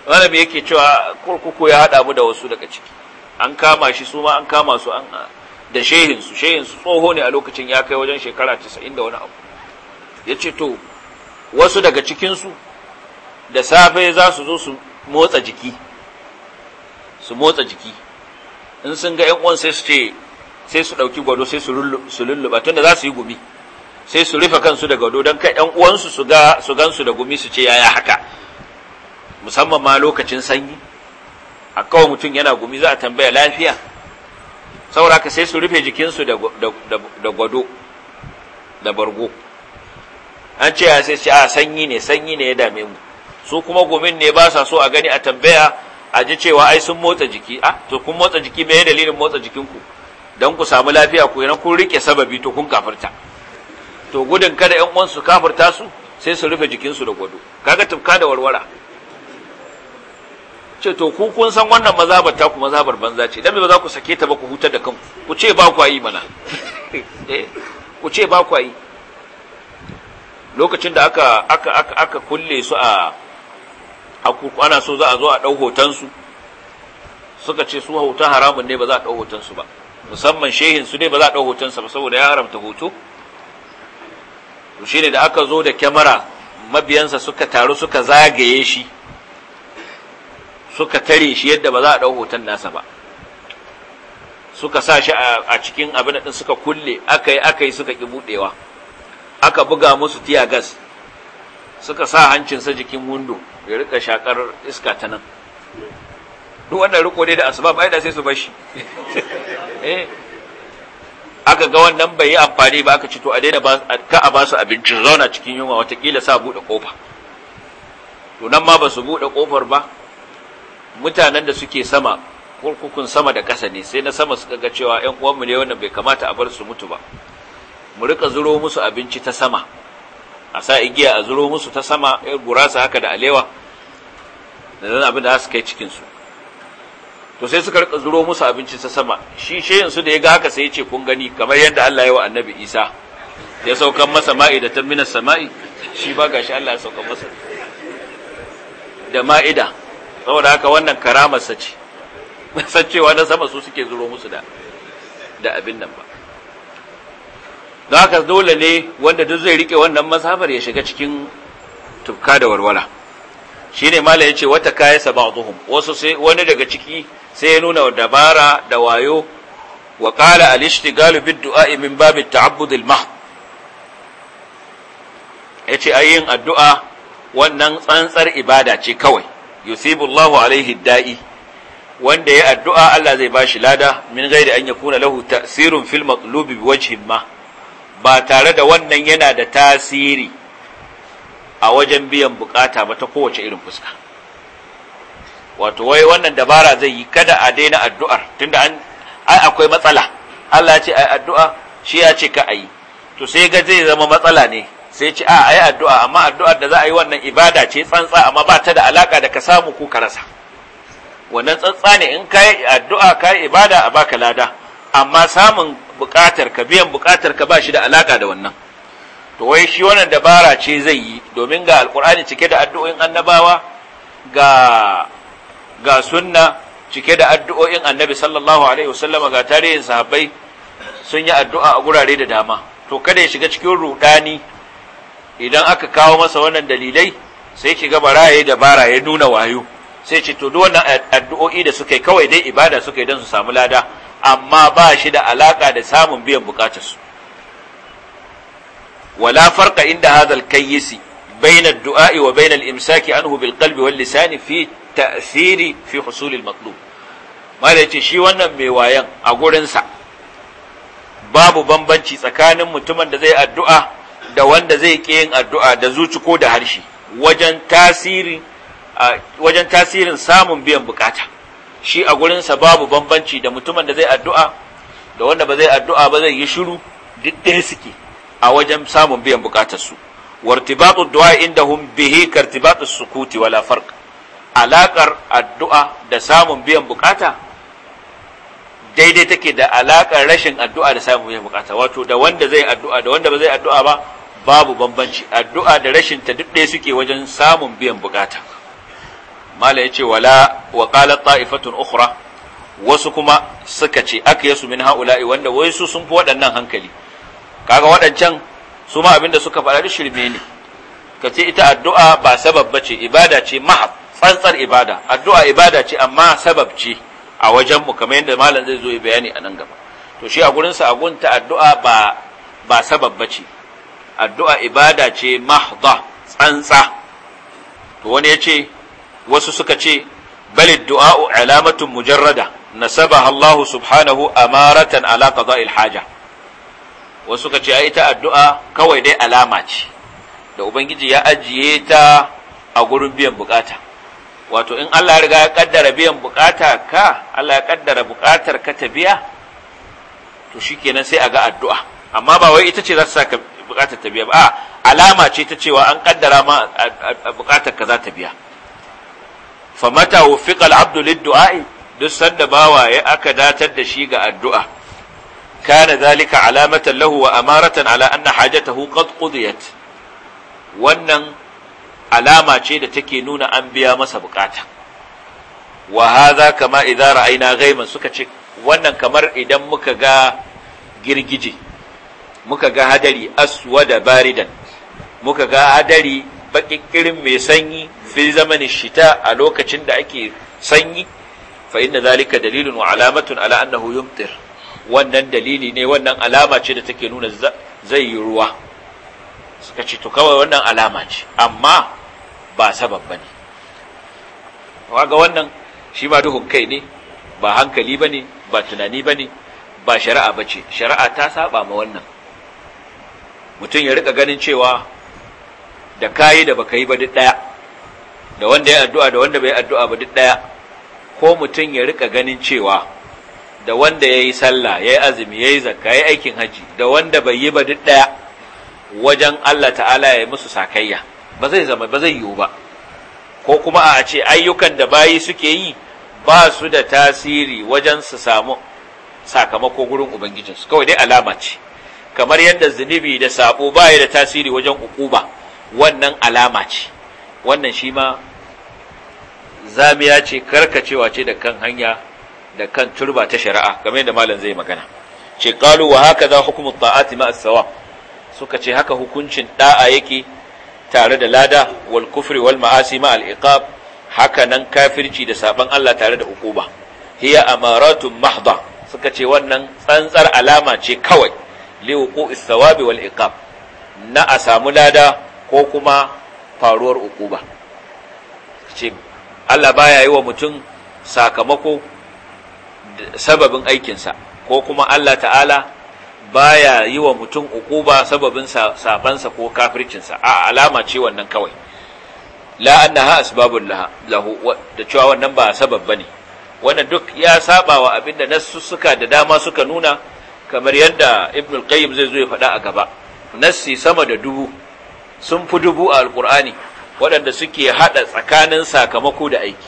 malami yake cewa kurkuku ya hada mu da wasu daga ciki an kama shi su ma an kama su an da shehin su shehin su tsoho ne a lokacin ya kai wajen shekara 90 da wani abu yace to wasu daga cikin su da safe za su zo su motsa jiki su motsa jiki in sun ga 'yan uwan sai su ce sai su ɗauki gwado sai su lulluɓa tun da za su yi gumi sai su rufe kansu da gwado don kai 'yan uwansu su ga su gansu da gumi su ce yaya haka musamman ma lokacin sanyi a kawai mutum yana gumi za a tambaya lafiya sauraka sai su rufe jikinsu da gwado da bargo an ce ya sai ce a sanyi ne sanyi ne ya dame mu su kuma gumin ne ba sa so a gani a tambaya a ji cewa ai sun motsa jiki a ah, to kun motsa jiki me dalilin motsa jikinku don ku samu lafiya ku yana kun rike sababi to kun kafirta to gudun kada yan uwan su kafirta su sai su rufe jikinsu da gwado kaga tufka da warwara ce to ku kun san wannan mazabar ta ku mazabar banza ce dan ba za ku sake ta ba ku hutar da kanku ku ce ba ku yi mana eh, ku ce ba ku yi lokacin da aka aka aka kulle su a ana so za a zo a ɗau hotonsu suka ce su hoton haramun ne ba za a ɗau hotonsu ba musamman shehin su ne ba za a ɗau hotonsa ba saboda ya haramta hoto shi ne da aka zo da kyamara mabiyansa suka taru suka zagaye shi suka tare shi yadda ba za a ɗau hoton nasa ba suka sa shi a cikin abin ɗin suka kulle aka yi aka yi suka ki buɗewa aka buga musu tiya gas suka sa hancinsa jikin windo ya rika shakar iska ta nan duk wannan riko dai da asbab ai da sai su bashi eh aka ga wannan bai yi amfani ba aka ci to a daina ba ka a ba su abincin zauna cikin yunwa watakila sa buɗe kofa to nan ma ba su buɗe kofar ba mutanen da suke sama kurkukun sama da ƙasa ne sai na sama suka ga cewa ƴan uwanmu ne wannan bai kamata a bar su mutu ba mu rika zuro musu abinci ta sama a sa igiya a zuro musu ta sama yar gurasa haka da alewa da zan abin da za su kai cikinsu to sai suka rika zuro musu abinci ta sama shi shehin da ya ga haka sai ya ce kun gani kamar yadda Allah ya wa annabi Isa ya saukan masa ma'ida ta minas sama'i shi ba gashi Allah ya saukan masa da ma'ida saboda haka wannan karamarsa ce san cewa na sama su suke zuro musu da da abin nan ba don haka dole ne wanda duk zai rike wannan masafar ya shiga cikin tufka da warwala shi ne mala ya ce wata kaya zuhun. wasu sai wani daga ciki sai ya nuna dabara da wayo wa kala alishti galibin du'a min babin at ma. Ya ce ayin addu'a wannan tsantsar ibada ce kawai yusibu Allahu alaihi da'i wanda ya addu'a Allah zai bashi lada min gaida an ya kuna lahu tasirin fil maqlubi bi wajhin ma ba tare da wannan yana da tasiri a wajen biyan bukata ba ta kowace irin fuska wato wai wannan dabara zai yi kada a daina addu'ar tunda an ai akwai matsala Allah ce ai addu'a shi ya ce ka ayi to sai ga zai zama matsala ne sai ce a ayi addu'a amma addu'ar da za a yi wannan ibada ce tsantsa amma ba ta da alaka da ka samu ko ka rasa wannan tsantsa ne in kai addu'a kai ibada a baka lada amma samun bukatar ka biyan bukatar ka ba shi da alaka da wannan to wai shi wannan dabara ce zai yi domin ga alkur'ani cike da addu'o'in annabawa ga ga sunna cike da addu'o'in annabi sallallahu alaihi wasallama ga tarihin sahabbai sun yi addu'a a gurare da dama to kada ya shiga cikin rudani idan aka kawo masa wannan dalilai sai ki ga baraye dabara ya nuna wayo sai ce to duk wannan addu'o'i da suka yi kawai dai ibada suka yi don su samu lada amma ba shi da alaƙa da samun biyan bukatarsu wala farka inda hadal kayyisi بين الدعاء bainar الإمساك عنه بالقلب واللسان في تأثير في حصول المطلوب ما ليش شي wannan mai wayan a gurinsa babu bambanci tsakanin mutumin da zai addu'a da wanda zai ki yin addu'a da zuci ko da harshe wajen wajen tasirin samun biyan bukata shi a gurinsa babu bambanci da mutumin da zai addu'a da wanda ba zai addu'a ba zai yi shiru duk ɗaya suke a wajen samun biyan bukatarsu wartibatu du'a inda indahum bihi kartibatu sukuti wala farq alakar addu'a da samun biyan bukata daidai take da alakar rashin addu'a da samun biyan bukata wato da wanda zai addu'a da wanda ba zai addu'a ba babu bambanci addu'a da rashin ta duk ɗaya suke wajen samun biyan bukata mala ce wala wa qalat ta'ifatun ukhra wasu kuma suka ce yasu min haula'i wanda wai su sun fi waɗannan hankali kaga waɗancan su ma abinda suka faɗa da shirme ne ka ce ita addu'a ba sabab ba ce ibada ce mahab tsantsar ibada addu'a ibada ce amma sabab ce a mu kamar yadda malam zai zo ya bayani a nan gaba to shi a gurinsa a gunta addu'a ba ba sabab ba ce addu'a ibada ce mahda tsantsa to wani ya ce wasu suka ce balid du'a'u alamatun mujarrada nasaba Allah subhanahu amaratan ala qada'il haja wasu suka ce ai ita addu'a kawai dai alama ce da ubangiji ya ajiye ta a gurin biyan bukata wato in Allah ya riga ya kaddara biyan bukata ka Allah ya kaddara bukatar ka ta biya to shikenan sai a ga addu'a amma ba wai ita ce za ta saka bukatar ta biya ba a alama ce ta cewa an kaddara ma bukatar ka za ta biya fa mata wufiqa duai duk sanda bawa ya aka datar da shi ga addu'a kana zalika alamatan lahu wa amaratan ala anna hajatahu qad qudiyat wannan alama ce da take nuna an biya masa bukata wa hadha kama idza ra'ayna ghaiman suka ce wannan kamar idan muka ga girgije muka ga hadari aswada baridan muka ga hadari baƙiƙirin mai sanyi fi zamanin shita a lokacin da ake sanyi fa inna zalika dalilun wa alamatun ala annahu yumtir wannan dalili ne wannan alama ce da take nuna zai yi ruwa suka ce to kawai wannan alama ce amma ba sabab bane waga wannan shi ma duhun kai ne ba hankali bane ba tunani bane ba shari'a bace shari'a ta saba ma wannan mutum ya rika ganin cewa da kayi da baka yi ba duk daya da wanda ya addu'a da wanda bai addu'a ba duk ɗaya ko mutum ya rika ganin cewa da wanda ya yi sallah ya yi azumi ya yi zakka ya yi aikin haji da wanda bai yi ba duk ɗaya wajen Allah ta'ala ya yi musu sakayya ba zai zama ba zai yiwu ba ko kuma a ce ayyukan da bayi suke yi ba su da tasiri wajen su samu sakamako gurin ubangijinsu kawai dai alama ce kamar yadda zunubi da sabo baya da tasiri wajen ukuba wannan alama ce wannan shi ma zamiya ce karkacewa ce da kan hanya da kan turba ta shari'a game da malam zai magana ce qalu wa za hukumu ta'ati ma as suka ce haka hukuncin da'a yake tare da lada wal kufri wal ma'asi ma al-iqab haka nan kafirci da saban Allah tare da hukuma hiya amaratun mahda suka ce wannan tsantsar alama ce kawai li wuqu'is sawabi wal iqab na a samu lada ko kuma faruwar hukuma ce Allah baya yi wa mutum sakamako sababin aikinsa ko kuma Allah ta'ala baya yi wa mutum uquba sababin sabansa ko kafircinsa a alama ce wannan kawai la annaha asbabul lahu da cewa wannan ba sabab bane wannan duk ya saba wa abinda nassu suka da dama suka nuna kamar yadda ibn al-qayyim zai zo ya faɗa a gaba nassi sama da dubu sun fi dubu a alqur'ani waɗanda suke haɗa tsakanin sakamako da aiki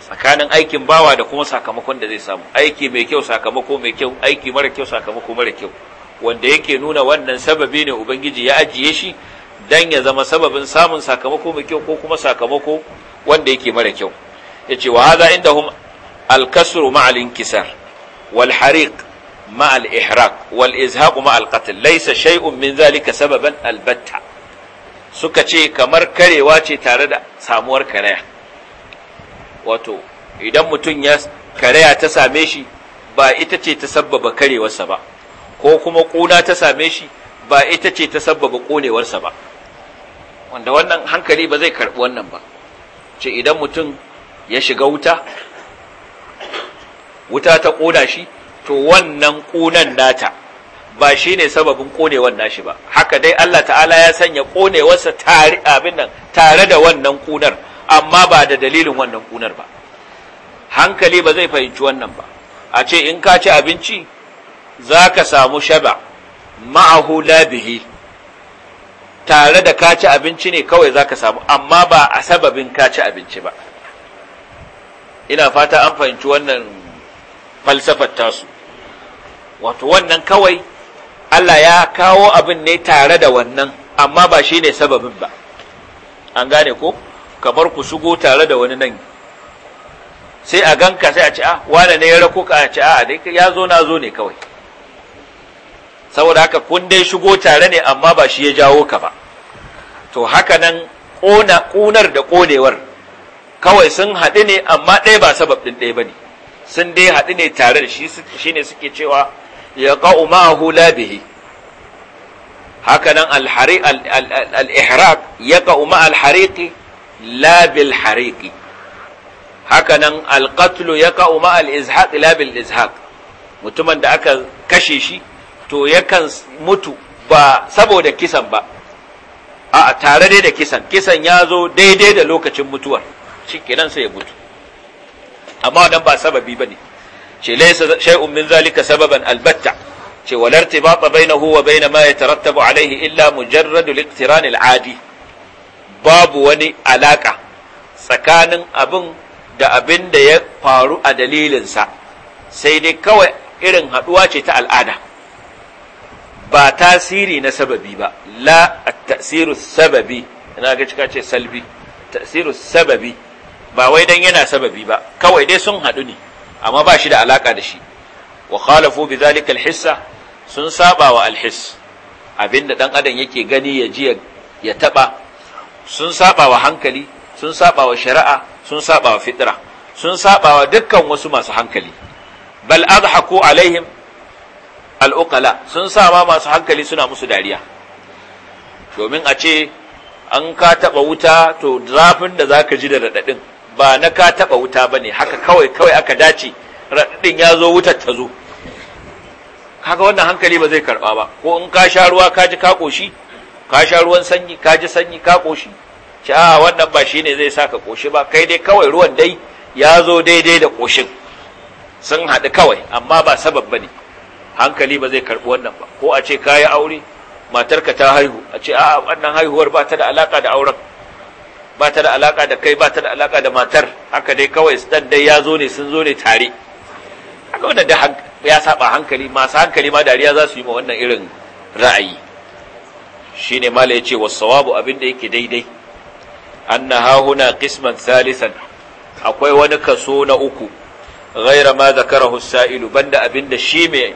tsakanin aikin bawa da kuma sakamakon da zai samu aiki mai kyau sakamako mai kyau aiki mara kyau sakamako mara kyau wanda yake nuna wannan sababi ne ubangiji ya ajiye shi dan ya zama sababin samun sakamako mai kyau ko kuma sakamako wanda yake mara kyau ce wa hadha in al-kasru alkasru al-inkisar wal hariq ma'a ihraq wal izhaq ma'a qatl laysa shay'un min sababan albatta suka ce kamar karewa ce tare da samuwar karaya wato idan mutum ya karaya ta same shi ba ita ce ta sabbaba karewarsa ba ko kuma ƙuna ta same shi ba ita ce ta sabbaba ƙonewarsa ba wanda wannan hankali ba zai karɓi wannan ba ce idan mutum ya shiga wuta wuta ta ƙona shi to wannan ƙunan nata ba shi ne sababin ƙonewar nashi ba haka dai Allah ta'ala ya sanya ƙonewarsa tare abin nan tare da wannan kunar, amma ba da dalilin wannan kunar ba hankali ba zai fahimci wannan ba a ce in ka ci abinci za ka samu shaba ma'ahu labihi tare da ka ci abinci ne kawai za ka samu amma ba a sababin ka ci abinci ba ina fata an fahimci wannan falsafar tasu wato wannan kawai Allah ya kawo abin ne tare da wannan amma ba shi ne sababin ba an gane ko kamar ku shigo tare da wani nan sai a ganka sai a ce a ah, wane ne ya rako ka a ce a ah, dai ya zo na zo ne kawai saboda haka kun dai shigo tare ne amma ba shi ya jawo ka ba to haka nan ƙona ƙunar da ƙonewar kawai sun haɗu ne amma ɗaya ba sabab ɗin ɗaya ba ne sun dai haɗu ne tare da shi ne suke cewa yaqa'u ma'ahu labihi hakanan alihraq hariq al-ihraq hakanan al-qatlu yaqa'u ma'a mutumin da aka kashe shi to yakan mutu ba saboda kisan ba a tare dai da kisan kisan ya zo daidai da lokacin mutuwar shi sai ya mutu amma wannan ba sababi ba ne ce laysa shay'un min zalika sababan albatta ce wala irtibata bainahu wa bain ma yatarattabu alayhi illa mujarradu al-iqtiran al-adi babu wani alaka tsakanin abin da abin da ya faru a dalilinsa sai dai kawai irin haduwa ce ta al'ada ba tasiri na sababi ba la at-ta'siru sababi ina ga cika ce salbi ta'siru sababi ba wai dan yana sababi ba kawai dai sun hadu ne amma ba shi da alaka da shi wa khalafu bi zalika alhissa sun saba wa alhiss abinda dan adam yake gani ya ji ya taba sun saba wa hankali sun saba wa shari'a sun saba wa fitra sun saba wa dukkan wasu masu hankali bal adhaku alaihim al'uqala sun saba masu hankali suna musu dariya domin a ce an ka taba wuta to zafin da zaka ji da radadin ba na ka taba wuta ba ne haka kawai kawai aka dace raɗaɗin ya zo wutar ta zo haka wannan hankali ba zai karɓa ba ko in ka sha ruwa ka ji ka ƙoshi ka sha ruwan sanyi ka ji sanyi ka ƙoshi ci a wannan ba shi ne zai sa ka ƙoshi ba kai dai kawai ruwan dai ya zo daidai da ƙoshin sun haɗu kawai amma ba sabab ba ne hankali ba zai karɓi wannan ba ko a ce ka yi aure matarka ta haihu a ce a wannan haihuwar ba ta da alaƙa da auren ba ta da alaka da kai ba ta da alaka da matar haka dai kawai dan dai ya zo ne sun zo ne tare haka wanda ya saba hankali masu hankali ma dariya za su yi ma wannan irin ra'ayi shine mala yace wasawabu abinda yake daidai anna hahuna kisman salisan akwai wani kaso na uku ghaira ma zakarahu sa'ilu banda abinda shi mai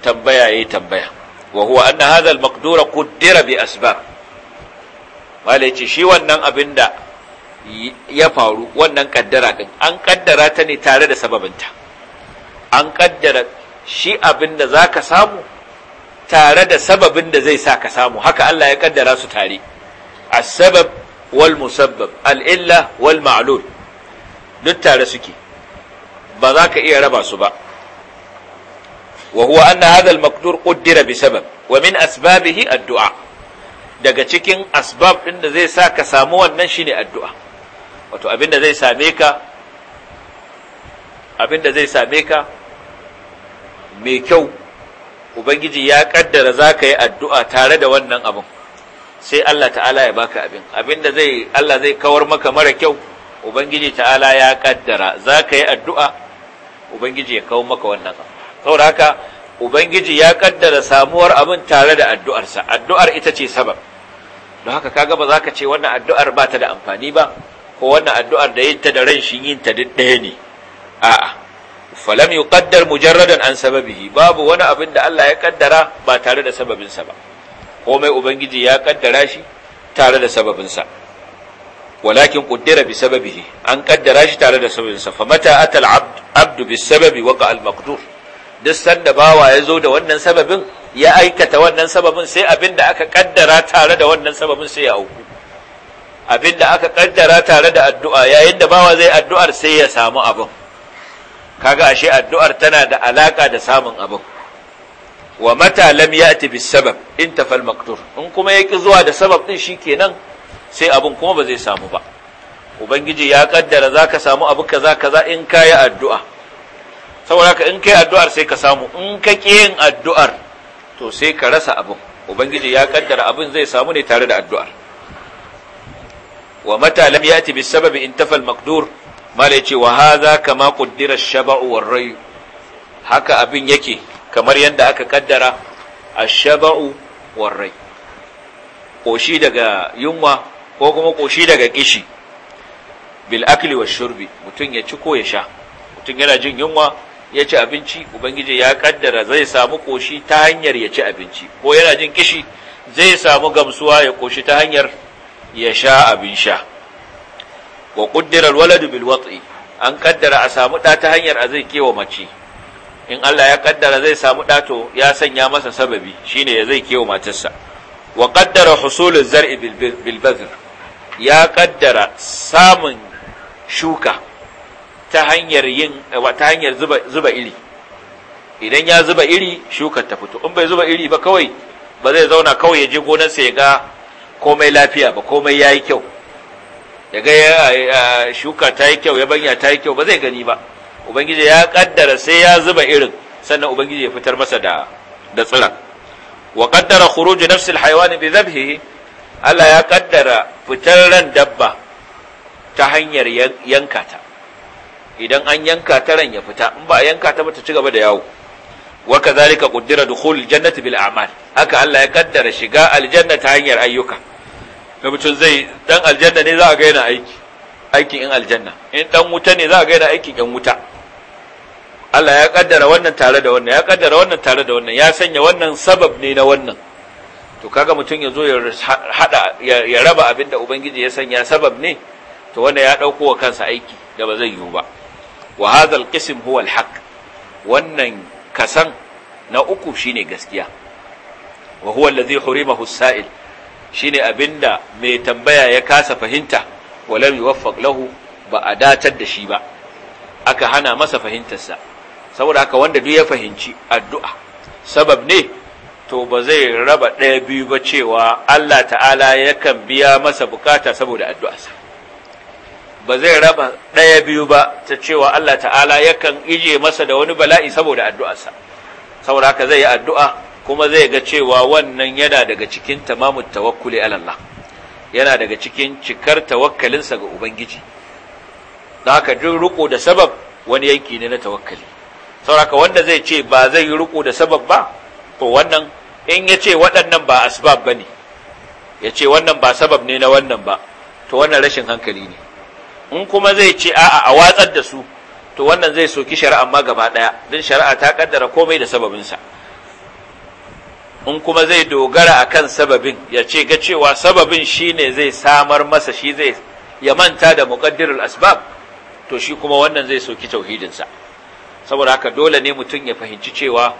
tambaya yi tambaya wa huwa anna hadha al-maqdura bi asbab mala ce shi wannan abin da ya faru wannan kaddara din an kaddara ta ne tare da sababinta an kaddara shi abin da za ka samu tare da sababin da zai sa ka samu haka Allah ya kaddara su tare as-sabab wal musabbab al-illa wal ma'lul duk tare suke ba za ka iya raba su ba wa huwa anna hadha al-maqdur quddira bi sabab wa min asbabihi addu'a daga cikin asbab ɗin da zai sa ka samu wannan shi ne addu'a wato abinda zai same ka abinda zai same ka mai kyau ubangiji ya ƙaddara za ka yi addu'a tare da wannan abin sai Allah ta'ala ya baka abin abinda zai Allah zai kawar maka mara kyau ubangiji ta'ala ya ƙaddara za ka yi addu'a ubangiji ya kawo maka wannan abin saboda haka ubangiji ya kaddara samuwar abin tare da addu'arsa addu'ar ita ce sabab don haka kaga ba za ka ce wannan addu'ar ba ta da amfani ba ko wannan addu'ar da ta da ran shi ta duk ɗaya ne a'a falam yuqaddar mujarradan an sababihi babu wani abin da Allah ya kaddara ba tare da sababinsa ba komai ubangiji ya kaddara shi tare da sababinsa walakin ƙuddira bi sababihi an kaddara shi tare da sababinsa fa mata atal abdu bi sababi waka al maqdur duk sanda bawa ya zo da wannan sababin ya aikata wannan sababin sai abin da aka kaddara tare da wannan sababin sai ya auku abin da aka kaddara tare da addu'a yayin da bawa zai addu'ar sai ya samu abin kaga ashe addu'ar tana da alaka da samun abin wa mata lam ya'ti bis sabab in tafal maktur in kuma yaki zuwa da sabab din shikenan sai abin kuma ba zai samu ba ubangiji ya kaddara zaka samu abu kaza kaza in kayi addu'a saboda ka in kai addu'ar sai ka samu in ka ƙi yin addu'ar to sai ka rasa abu. ubangiji ya kaddara abin zai samu ne tare da addu'ar wa mata lam yati bi sababi intafa al maqdur mala yace wa hadha kama quddira ash-shaba'u war ray haka abin yake kamar yadda aka kaddara ash-shaba'u war ray koshi daga yunwa ko kuma koshi daga kishi bil akli wash shurbi mutun ya ci ko ya sha mutun yana jin yunwa ya ci abinci ubangiji ya kaddara zai samu koshi ta hanyar ya ci abinci ko yana jin kishi zai samu gamsuwa ya koshi ta hanyar ya sha abin sha wa qaddara alwaladu bil an kaddara a samu ɗa ta hanyar a zai kewa mace in Allah ya kaddara zai samu ɗa to ya sanya masa sababi shine ya zai kewa matarsa wa qaddara husulul zar'i bil ya kaddara samun shuka ta hanyar yin ta hanyar zuba zuba iri idan ya zuba iri shukar ta fito in bai zuba iri ba kawai ba zai zauna kawai ya je gonarsa ya ga komai lafiya ba komai yayi kyau ya ga shuka ta yi kyau ya banya ta yi kyau ba zai gani ba ubangiji ya kaddara sai ya zuba irin sannan ubangiji ya fitar masa da da tsira wa qaddara khuruj nafs alhayawan bi dhabhihi Allah ya kaddara fitar ran dabba ta hanyar yanka idan an yanka ran ya fita in ba a yanka ta ba ta ci gaba da yawo wa kadhalika quddira dukhul jannati bil a'mal haka Allah ya kaddara shiga aljanna ta hanyar ayyuka ga mutum zai dan aljanna ne za a ga yana aiki aikin in aljanna in dan wuta ne za a ga yana aikin yan wuta Allah ya kaddara wannan tare da wannan ya kaddara wannan tare da wannan ya sanya wannan sabab ne na wannan to kaga mutum ya zo ya raba abin da ubangiji ya sanya sabab ne to wanda ya ɗauko wa kansa aiki da ba zai yiwu ba wa hadha alqism huwa alhaq wannan kasan na uku shine gaskiya wa huwa alladhi hurimahu as-sa'il shine abinda mai tambaya ya kasa fahimta wa lam yuwaffaq lahu ba a datar da shi ba aka hana masa fahimtarsa saboda haka wanda duk ya fahimci addu'a sabab ne to ba zai raba ɗaya biyu ba cewa Allah ta'ala yakan biya masa bukata saboda addu'arsa ba zai raba ɗaya biyu ba ta cewa Allah ta'ala yakan ije masa da wani bala'i saboda addu'arsa saboda haka zai yi addu'a kuma zai ga cewa wannan yana daga cikin tamamun tawakkuli alallah yana daga cikin cikar tawakkalinsa ga ubangiji da haka duk riko da sabab wani yanki ne na tawakkali saboda haka wanda zai ce ba zai yi riko da sabab ba to wannan in ya ce waɗannan ba asbab ba ne ya ce wannan ba sabab ne na wannan ba to wannan rashin hankali ne in kuma zai ce a'a a watsar da su to wannan zai soki shari'a ma gaba daya don shari'a ta kaddara komai da sababinsa in kuma zai dogara akan sababin ya ce ga cewa sababin shine zai samar masa shi zai ya manta da muqaddirul asbab to shi kuma wannan zai soki tauhidinsa saboda haka dole ne mutum ya fahimci cewa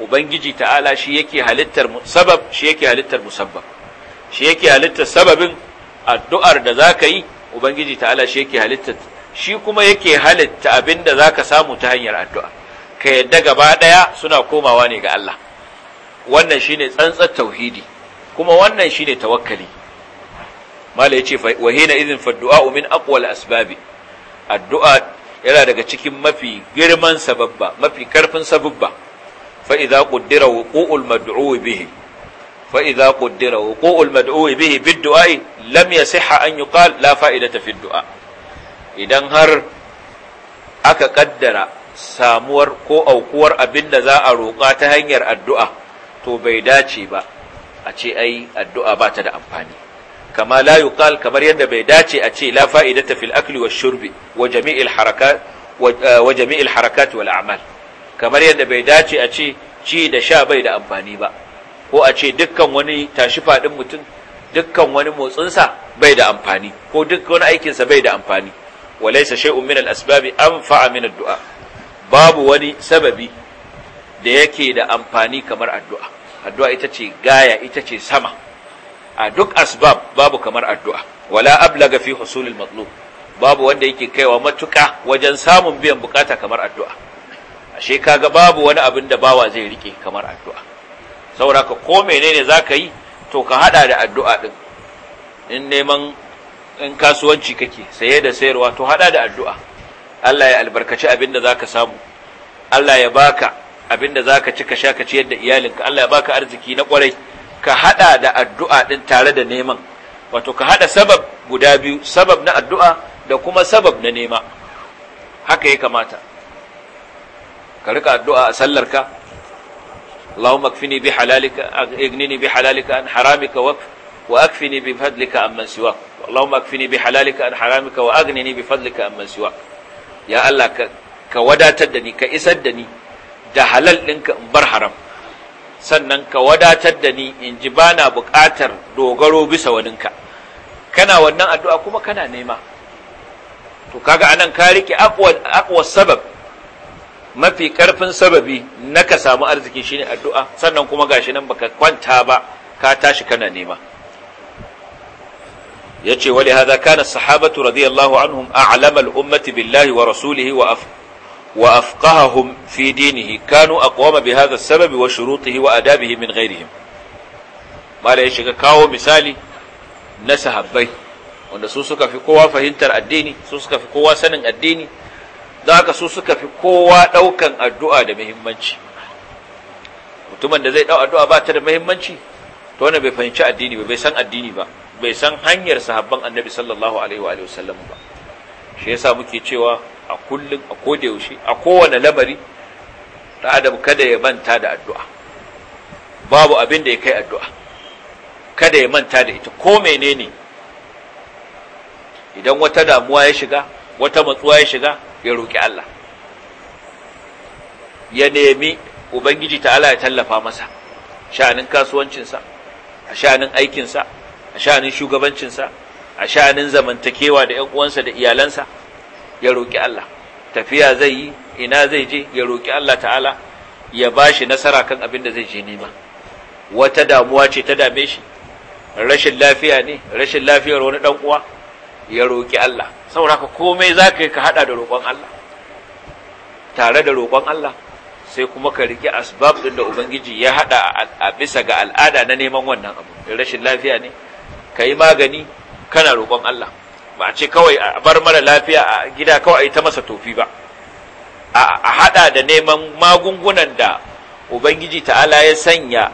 ubangiji ta'ala shi yake halittar sabab shi yake halittar musabbab shi yake halittar sababin addu'ar da zaka yi ubangiji ta'ala shi yake halitta shi kuma yake halitta abinda zaka samu ta hanyar addu'a ka yadda gaba daya suna komawa ne ga Allah wannan shine tsantsar tauhidi kuma wannan shine tawakkali mala yace wa hina idhin fa du'a min aqwa al addu'a yana daga cikin mafi girman sababba mafi karfin sababba fa idza quddira wuqu'ul mad'u bihi fa idza quddira wuqu'ul mad'u bihi bid du'a lam yasihha an yuqal la fa'idata fid du'a idan har aka kaddara samuwar ko aukuwar abin da za a roƙa ta hanyar addu'a to bai dace ba a ce ai addu'a ba ta da amfani kama la yuqal kamar yadda bai dace a ce la fa'idata fil akli wa shurbi wa jami'il harakat wa jami'il harakat wal a'mal kamar yadda bai dace a ce ci da sha bai da amfani ba ko a ce dukkan wani tashi faɗin mutum dukkan wani motsinsa bai da amfani ko duk wani aikinsa bai da amfani walaisa shay'un min al-asbabi anfa'a min ad babu wani sababi da yake da amfani kamar addu'a addu'a ita ce gaya ita ce sama a duk asbab babu kamar addu'a wala ablaga fi al matlub babu wanda yake kaiwa matuka wajen samun biyan bukata kamar addu'a ashe kaga babu wani abin da bawa zai rike kamar addu'a saboda ka ko menene za ka yi to ka hada da addu'a ɗin in neman in kasuwanci kake saye da sayarwa to hada da addu'a Allah ya albarkaci abin da za ka samu Allah ya baka abin da za ka ci ka sha ka ciyar da iyalinka Allah ya baka arziki na kwarai ka hada da addu'a ɗin tare da neman wato ka hada sabab guda biyu sabab na addu'a da kuma sabab na nema haka ya kamata ka rika addu'a a sallarka اللهم اكفني بحلالك اغنني بحلالك عن حرامك وكف واكفني بفضلك عمن سواك اللهم اكفني بحلالك عن حرامك واغنني بفضلك عمن سواك يا الله ka wadatar da ni ka isar da ni da halal ɗinka in bar haram sannan ka wadatar da ni in ji ba na buƙatar dogaro bisa waninka kana wannan addu'a kuma kana nema to kaga anan ka rike aqwa sabab mafi karfin sababi na ka samu arziki shine addu'a sannan kuma gashi nan baka kwanta ba ka tashi kana nema yace wali hadha kana sahabatu radiyallahu anhum a'lama al-ummati billahi wa rasulihi wa af wa afqahahum fi dinihi kanu aqwama bi hadha sababi wa shurutihi wa adabihi min ghairihim mala ya shiga kawo misali na sahabbai wanda su suka fi kowa fahimtar addini su suka fi kowa sanin addini don haka su suka fi kowa ɗaukan addu'a da muhimmanci mutumin da zai ɗau addu'a ba ta da muhimmanci to wani bai fahimci addini ba bai san addini ba bai san hanyar sahabban annabi sallallahu alaihi wa sallam ba shi yasa muke cewa a kullum a koda yaushe a kowane lamari ta adam kada ya manta da addu'a babu abin da ya kai addu'a kada ya manta da ita ko menene idan wata damuwa ya shiga wata matsuwa ya shiga ya roƙi Allah ya nemi ubangiji ta'ala ya tallafa masa sha'anin kasuwancinsa a sha'anin aikinsa a sha'anin shugabancinsa a sha'anin zamantakewa da ‘yan uwansa da iyalansa ya roƙi Allah tafiya zai yi ina zai je ya roƙi Allah ta'ala ya ba shi nasara kan abin da zai je nema wata damuwa ce ta dame shi rashin lafiya ne rashin lafiyar wani ɗan uwa ya roƙi Allah saboda ka komai za ka yi ka haɗa da roƙon Allah tare da roƙon Allah sai kuma ka riƙe asbab ɗin da Ubangiji ya haɗa a bisa ga al'ada na neman wannan abu rashin lafiya ne ka yi magani kana roƙon Allah ba ce kawai a bar mara lafiya a gida kawai a yi ta masa tofi ba a haɗa da neman magungunan da Ubangiji ta'ala ya sanya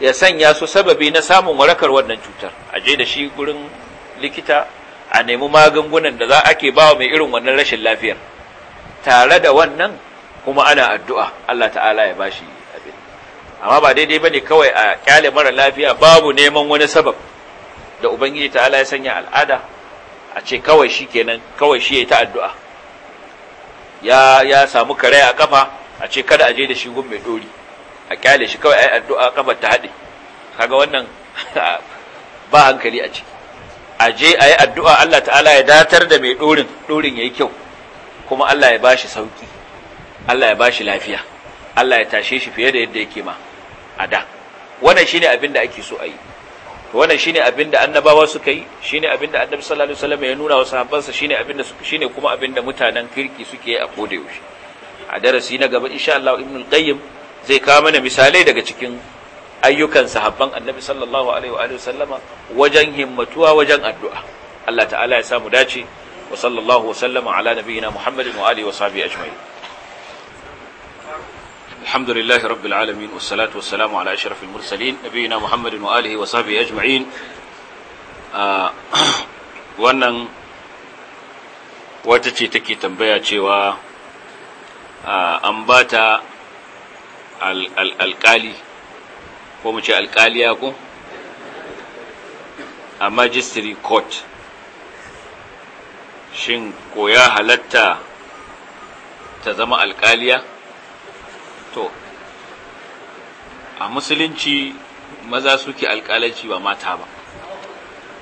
ya sanya su sababi na samun warakar wannan cutar a je da shi gurin likita a nemi magungunan da za ake bawa mai irin wannan rashin lafiyar tare da wannan kuma ana addu'a Allah ta'ala ya ba shi abin amma ba daidai ba ne kawai a kyale mara lafiya babu neman wani sabab da ubangiji ta'ala ya sanya al'ada a ce kawai shi kenan kawai shi ya ta addu'a ya samu kare a kafa a ce kada a je da shi gun mai dori a kyale shi kawai yi addu'a kafa ta haɗe kaga wannan ba hankali a ciki a je a yi addu'a Allah ta'ala ya datar da mai ɗorin ɗorin ya yi kyau kuma Allah ya ba shi sauƙi Allah ya ba shi lafiya Allah ya tashe shi fiye da yadda yake ma a da wannan shi ne abin da ake so a yi wannan shi ne abin da annabawa suka yi shi ne abin da annabi sallallahu alaihi wasallam ya nuna wa sahabbansa shi ne abin da shi ne kuma abin da mutanen kirki suke yi a koda yaushe a darasi na gaba insha Allah ibnul qayyim zai kawo mana misalai daga cikin ayyukan sahabban annabi sallallahu alaihi wa sallama wajen himmatuwa wajen addu'a Allah ta'ala ya samu dace wa sallallahu sallama ala nabiyyina muhammadin wa alihi wa sahbihi ajma'in الحمد لله رب العالمين والصلاة والسلام على أشرف المرسلين نبينا محمد wannan wata ce take tambaya cewa ah, an bata ta alƙali ko mu ce alkaliya ko a majistri court shin ko ya halatta ta zama alƙaliya? to a musulunci maza suke alkalanci ba mata ba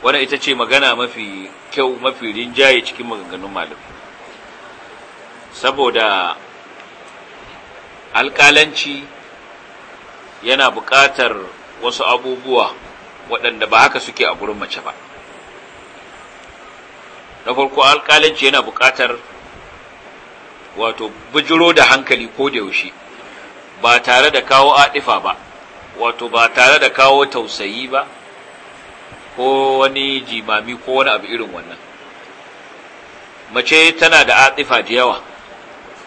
wannan ita ce magana mafi kyau mafi rinjaye cikin maganganun malamai saboda alƙalanci. yana buƙatar wasu abubuwa waɗanda ba haka suke a gurin mace ba na farko alƙalanci yana buƙatar wato bijiro da hankali ko da yaushe ba tare da kawo aɗifa ba wato ba tare da kawo tausayi ba ko wani jimami ko wani abu irin wannan mace tana da aɗifa da yawa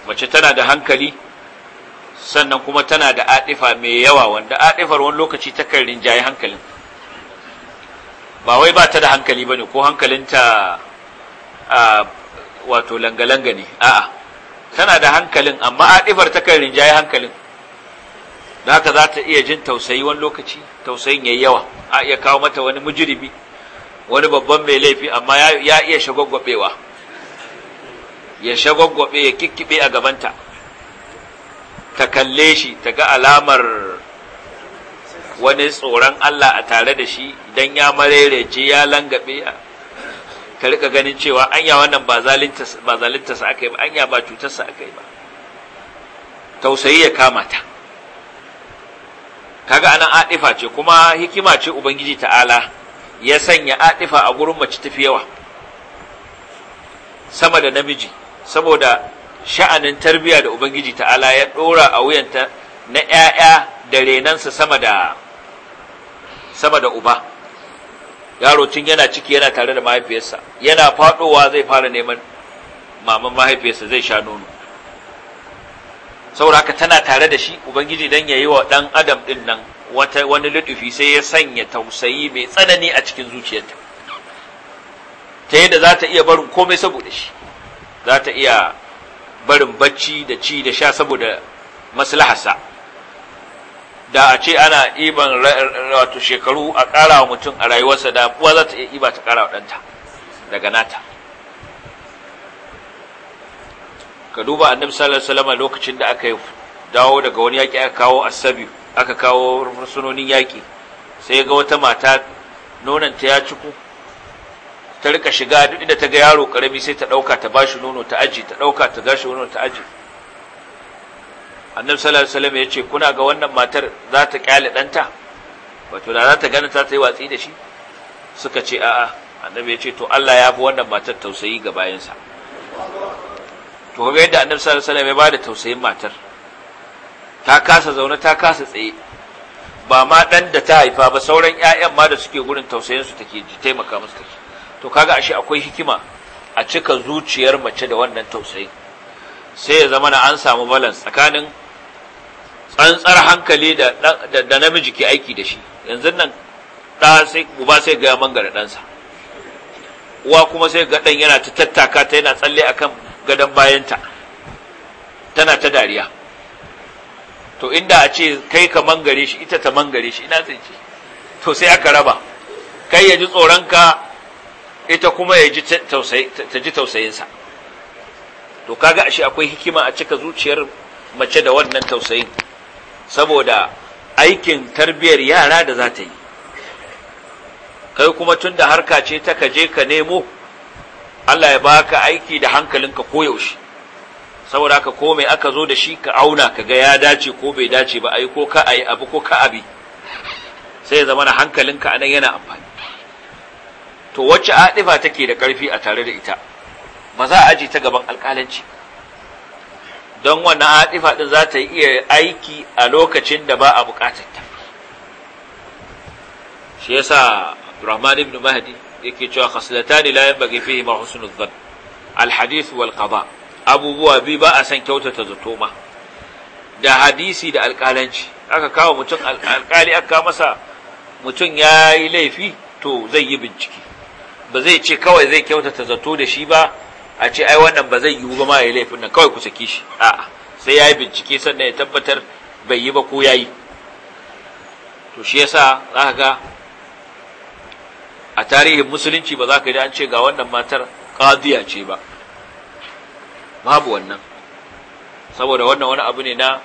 mace tana da hankali sannan kuma tana da adifa mai yawa wanda adifar wani lokaci takan rinjaye hankalin ba wai ba ta da hankali bane ko hankalinta a wato langa-langa ne a'a tana da hankalin amma adifar takan rinjaye hankalin da haka za ta iya jin tausayi wani lokaci tausayin yayi yawa a iya kawo mata wani mujiribi, wani babban mai laifi amma ya iya shagwagwabewa ya shagwagwabe ya kikkibe a gabanta ta kalle shi ta ga alamar wani tsoron Allah a tare da shi don ya marerece ya langabe ka rika ganin cewa anya wannan ba sa aka yi ba anya ba cutarsa aka yi ba tausayi ya kama ta kaga anan adifa ce kuma hikima ce ubangiji ta'ala ya sanya adifa a gurin mace tafi yawa sama da namiji saboda sha'anin tarbiyya da ubangiji ta'ala ya ɗora a wuyanta na 'ya'ya da renansa sama da sama da uba yaro tun yana ciki yana tare da mahaifiyarsa yana faɗowa zai fara neman maman mahaifiyarsa zai sha nono saboda haka tana tare da shi ubangiji dan yayi wa ɗan adam ɗin nan wata wani lutufi sai ya sanya tausayi mai tsanani a cikin zuciyarta ta yadda za ta iya barin komai saboda shi za ta iya barin bacci da ci da sha saboda maslahasa da a ce ana iban wato shekaru a ƙara mutum a rayuwarsa da kuwa za ta iya iba ta ƙara wa daga nata ka duba annabi sallallahu alaihi wasallam lokacin da aka dawo daga wani yaƙi aka kawo asabi aka kawo fursunonin yaƙi sai ga wata mata nonanta ya ciku ta rika shiga duk inda ta ga yaro karami sai ta dauka ta bashi nono ta aji ta dauka ta gashi nono ta aji annabi sallallahu alaihi wasallam ya ce kuna ga wannan matar za ta kyale danta wato da za ta gani ta yi watsi da shi suka ce a'a annabi ya ce to Allah ya fi wannan matar tausayi ga bayansa to ga yadda annabi sallallahu alaihi wasallam ya bada tausayin matar ta kasa zaune ta kasa tsaye ba ma dan da ta haifa ba sauran ƴaƴan ma da suke gurin tausayin su take ji taimaka musu take to kaga ashe akwai hikima a cika zuciyar mace da wannan tausayi sai ya zama na an samu balance tsakanin tsantsar hankali da namiji ke aiki da shi yanzu nan ɗa sai uba sai ga mangare ɗansa uwa kuma sai ga ɗan yana ta tattaka ta yana tsalle akan gadon bayanta tana ta dariya to inda a ce kai ka mangare shi ita ta mangare shi ina zai ce to sai aka raba kai ya ji tsoronka ita kuma ya ji ta ji tausayinsa to kaga ashe akwai hikima a cika zuciyar mace da wannan tausayin saboda aikin tarbiyyar yara da za ta yi kai kuma tun da harka ce ta ka je ka nemo Allah ya baka aiki da hankalinka koyaushe saboda ka komai aka zo da shi ka auna ka ga ya dace ko bai dace ba ai ko ka ai abu ko ka abi sai ya zama hankalinka anan yana amfani to wacce adifa take da ƙarfi a tare da ita ba za a aji ta gaban alƙalanci don wannan adifa ɗin za ta iya aiki a lokacin da ba a buƙatar ta shi yasa Abdurrahman ibn Mahdi yake cewa khaslatani la yanbaghi fihi ma husnul dhann al wal qada abubuwa bi ba a san kyautata zato ma da hadisi da alƙalanci aka kawo mutum alƙali aka masa mutum ya yi laifi to zai yi bincike ba zai ce kawai zai kyautata zato da shi ba a ce ai wannan ba zai yiwu ba ma ya laifin nan kawai ku saki shi a sai ya yi bincike sannan ya tabbatar bai yi ba ko ya yi to shi yasa za ka ga a tarihin musulunci ba za ka ji an ce ga wannan matar kadiya ce ba babu wannan saboda wannan wani abu ne na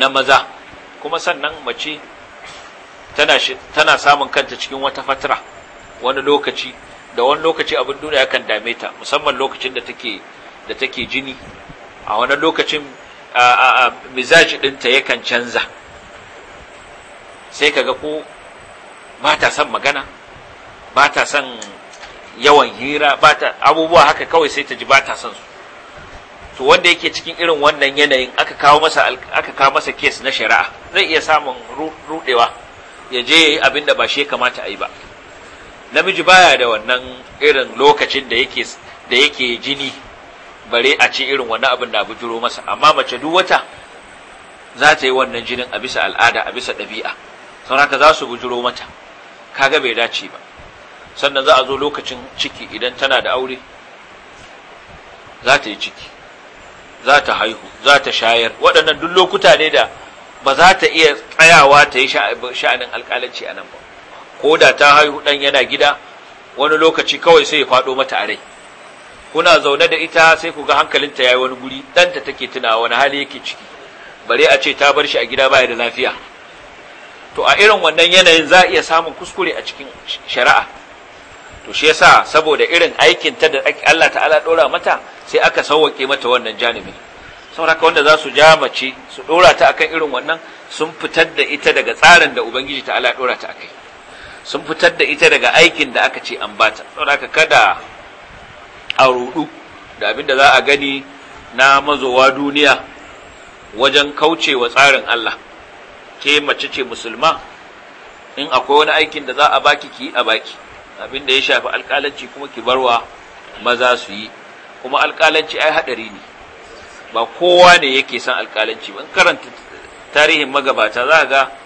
na maza kuma sannan mace tana tana samun kanta cikin wata fatara wani lokaci da wani lokaci abin duniya yakan dame ta musamman lokacin da take da take jini a wani lokacin mizaji ɗinta yakan canza sai kaga ko ba ta son magana ba ta son yawan hira ba ta abubuwa haka kawai sai ta ji ba ta son su to wanda yake cikin irin wannan yanayin aka kawo masa aka kawo masa case na shari'a zai iya samun ruɗewa ya je yayi abin da ba shi ya kamata a yi ba namiji baya da wannan irin lokacin da yake da jini bare a ce irin wannan abin da bujuro masa amma mace duk wata za ta yi wannan jinin a bisa al'ada a bisa ɗabi'a sau haka za su bujuro mata kaga bai dace ba sannan za a zo lokacin ciki idan tana da aure za ta yi ciki za ta haihu za ta shayar waɗannan duk lokuta ne da ba za ta iya tsayawa ta yi sha'anin alƙalanci a nan ba ko da ta haihu ɗan yana gida wani lokaci kawai sai ya faɗo mata a rai kuna zaune da ita sai ku ga hankalinta ya yi wani guri ɗanta take tunawa wani hali yake ciki bare a ce ta bar shi a gida baya da lafiya to a irin wannan yanayin za a iya samun kuskure a cikin shari'a to shi yasa saboda irin aikin ta da Allah ta'ala dora mata sai aka sauwake mata wannan janibi saboda wanda za su ja mace su dora ta akan irin wannan sun fitar da ita daga tsarin da ubangiji ta'ala dora ta akai sun fitar da ita daga aikin da aka ce an bata don haka kada a rudu da abinda za a gani na mazowa duniya wajen kaucewa tsarin Allah ke mace ce musulma in akwai wani aikin da za a baki ki a baki abinda ya shafi alkalanci kuma ki barwa maza su yi kuma alkalanci ai hadari ne ba kowa ne yake son alkalanci ban karanta tarihin magabata za ga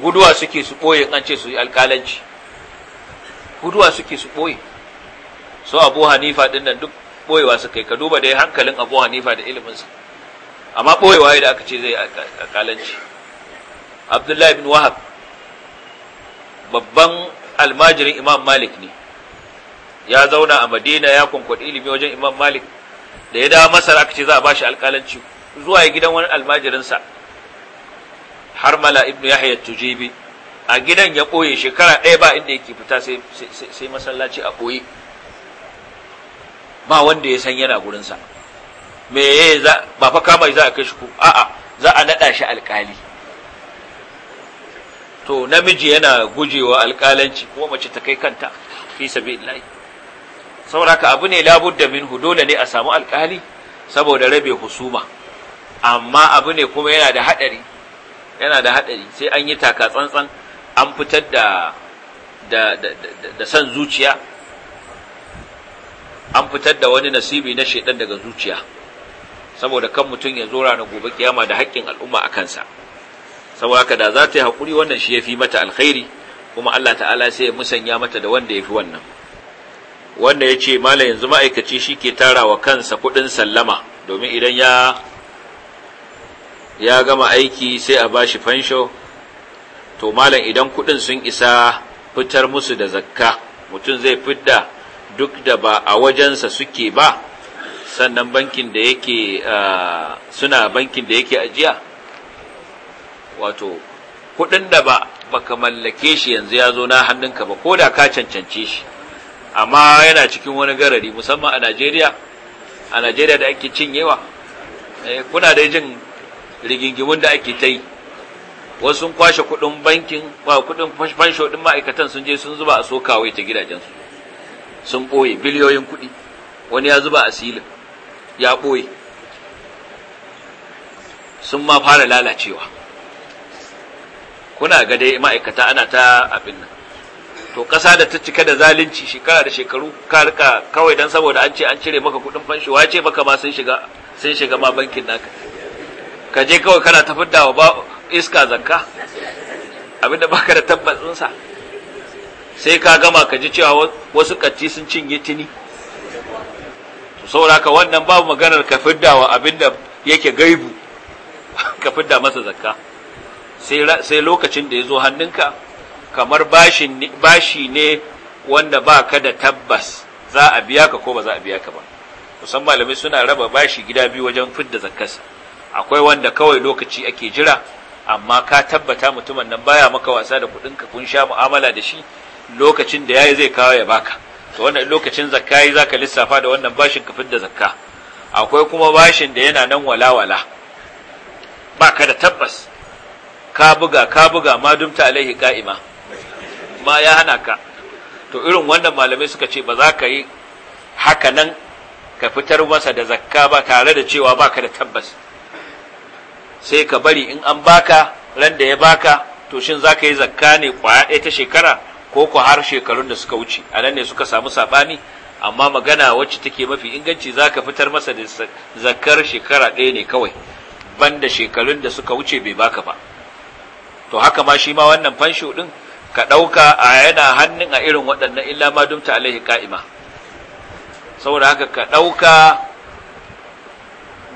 guduwa suke su ɓoye an ce su yi alƙalanci guduwa suke su ɓoye so abu hanifa ɗin nan duk ɓoyewa su yi ka duba da hankalin abu hanifa da iliminsa amma ɓoyewa da aka ce zai alƙalanci abdullahi bin wahab babban almajirin imam malik ne ya zauna a madina ya kwankwaɗi ilimi wajen imam malik da ya dawo masar aka ce za a ba shi alƙalanci zuwa ya gidan wani almajirinsa harmala ibnu yahya tujibi a gidan ya ɓoye shekara ɗaya ba inda yake fita sai masallaci a ɓoye ba wanda ya san yana gurinsa me ya za ba fa kama za a kai shi ko a'a za a naɗa shi alƙali to namiji yana gujewa alƙalanci kuma mace ta kai kanta fi sabilillahi sauraka abu ne labudda minhu dole ne a samu alƙali saboda rabe husuma amma abu ne kuma yana da haɗari yana da haɗari sai an yi taka tsantsan an fitar da da da san zuciya an fitar da wani nasibi na shaidan daga zuciya saboda kan mutum ya zo ranar gobe kiyama da haƙƙin al'umma a kansa saboda haka da za ta yi haƙuri wannan shi ya fi mata alkhairi kuma Allah ta'ala sai ya musanya mata da wanda ya fi wannan wanda ya ce mala yanzu ma'aikaci shi ke tara wa kansa kuɗin sallama domin idan ya ya gama aiki sai a bashi fansho to malam idan kudin sun isa fitar musu da zakka mutum zai fidda duk da ba a wajensa suke ba sannan bankin da yake suna bankin da yake ajiya wato kudin da ba baka mallake shi yanzu ya zo na hannunka ba ko da ka cancance shi amma yana cikin wani garari musamman a Najeriya a Najeriya da ake cinyewa eh, kuna da jin rigingimun da ake ta yi wasu sun kwashe kuɗin bankin ba kudin fansho ɗin ma'aikatan sun je sun zuba a sokawai ta gidajensu sun ɓoye biliyoyin kuɗi wani ya zuba a silin ya ɓoye sun ma fara lalacewa kuna ga dai ma'aikata ana ta abin nan to ƙasa da ta cika da zalunci shekara da shekaru ka rika kawai don saboda an ce an cire maka kuɗin fansho wace maka ma sun shiga ma bankin naka ka je kawai kana ta fidda wa iska zanka abinda baka da tabbatsinsa sai ka gama ka ji cewa wasu kacci sun cinye tini sauraka wannan babu maganar ka fidda wa abinda yake gaibu ka fidda masa zakka sai lokacin da ya zo hannunka kamar bashi ne wanda ba ka da tabbas za a biya ka ko ba za a biya ka ba musamman malamai suna raba bashi gida biyu wajen fidda zakkarsa akwai wanda kawai lokaci ake jira amma ka tabbata mutumin nan baya maka wasa da kuɗinka kun sha mu'amala da shi lokacin da yayi zai kawo ya baka to wannan lokacin zakka yi zaka lissafa da wannan bashin kafin da zakka akwai kuma bashin da yana nan walawala baka da tabbas ka buga ka buga ma dumta alaihi ka'ima ma ya hana ka to irin wannan malamai suka ce ba za ka yi haka nan ka fitar masa da zakka ba tare da cewa baka da tabbas sai ka bari in an baka ran da ya baka to shin za ka yi zakka ne kwaya ɗaya ta shekara ko ko har shekarun da suka wuce a nan ne suka samu saɓani amma magana wacce take mafi inganci za ka fitar masa da zakkar shekara ɗaya ne kawai banda shekarun da suka wuce bai baka ba to haka ma shi ma wannan fansho ɗin ka ɗauka a yana hannun a irin waɗannan illa ma dumta alaihi ka'ima saboda haka ka ɗauka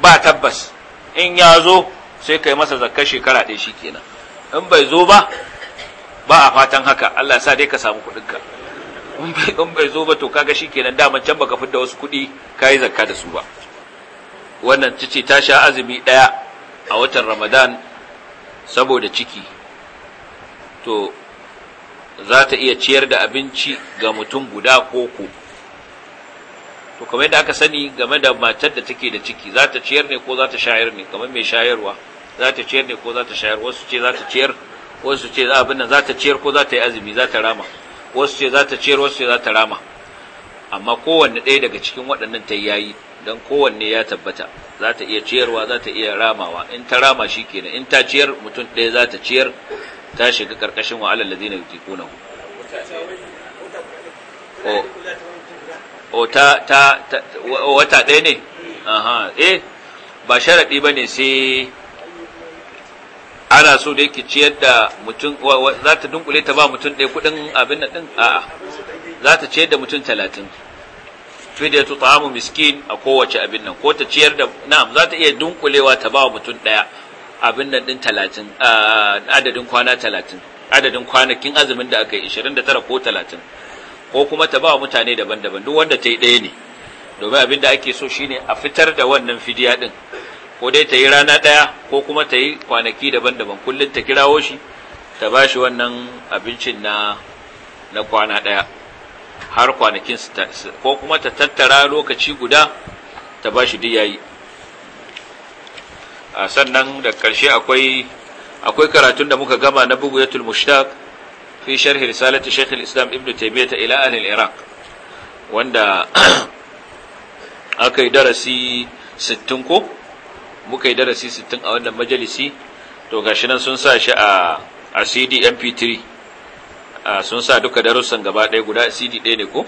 ba tabbas in ya zo sai kai masa zakka shekara ɗaya shi kenan in bai zo ba ba a fatan haka Allah sa dai ka samu kuɗinka in bai zo ba to kaga shi kenan dama can baka fidda wasu kuɗi ka yi zakka da su ba wannan ta ce ta sha azumi ɗaya a watan ramadan saboda ciki to za ta iya ciyar da abinci ga mutum guda ko ko to kamar yadda aka sani game da matar da take da ciki za ta ciyar ne ko za ta shayar ne kamar mai shayarwa za ta ciyar ne ko za ta shayar wasu ce za ta ciyar wasu ce za abin nan za ta ciyar ko za ta yi azumi za ta rama wasu ce za ta ciyar wasu ce za ta rama amma kowanne ɗaya daga cikin waɗannan ta yayi don kowanne ya tabbata za ta iya ciyarwa za ta iya ramawa in ta rama shi kenan in ta ciyar mutum ɗaya za ta ciyar ta shiga ƙarƙashin wa'alar da zina yutikunahu o ta ta wata ɗaya ne eh ba sharaɗi ba ne sai ana so da yake ciyar da mutum za ta dunkule ta ba mutum ɗaya kuɗin abin na ɗin a'a za ta ciyar da mutum talatin fidiyatu ta'amu miskin a kowace abin nan ko ta ciyar da na'am za ta iya dunkulewa ta ba wa mutum ɗaya abin nan ɗin talatin adadin kwana talatin adadin kwanakin azumin da aka yi ishirin da tara ko talatin ko kuma ta ba mutane daban-daban duk wanda ta yi ɗaya ne domin abin da ake so shine a fitar da wannan fidiya ɗin ko dai ta yi rana ɗaya ko kuma ta yi kwanaki daban-daban kullum ta kirawo shi ta ba shi wannan abincin na na kwana ɗaya har kwanakin ko kuma ta tattara lokaci guda ta ba shi duk yayi a sannan da ƙarshe akwai akwai karatun da muka gama na Yatul mushtaq fi sharhi risalati shaykh al-islam ibn taymiyyah ila ahli al-iraq wanda aka darasi 60 ko muka yi darasi sittin a wannan majalisi to gashi nan sun sa shi a a CD MP3 sun sa duka darussan gaba ɗaya guda CD ɗaya ne ko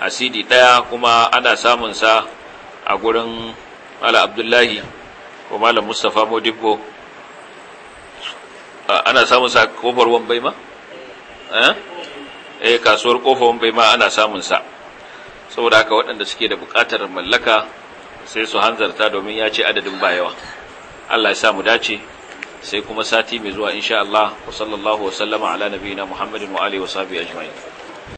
a CD ɗaya kuma ana samun sa a gurin Malam Abdullahi ko Malam Mustafa Modibbo ana samun sa kofar Wambai ma eh kasuwar kofar Wambai ma ana samun sa saboda haka waɗanda suke da buƙatar mallaka sai su hanzarta domin ya ce adadin ba yawa Allah ya sa mu dace sai kuma sati mai zuwa insha Allah wa sallallahu wa sallama ala nabiyina Muhammadin wa alihi wa sahbihi ajma'in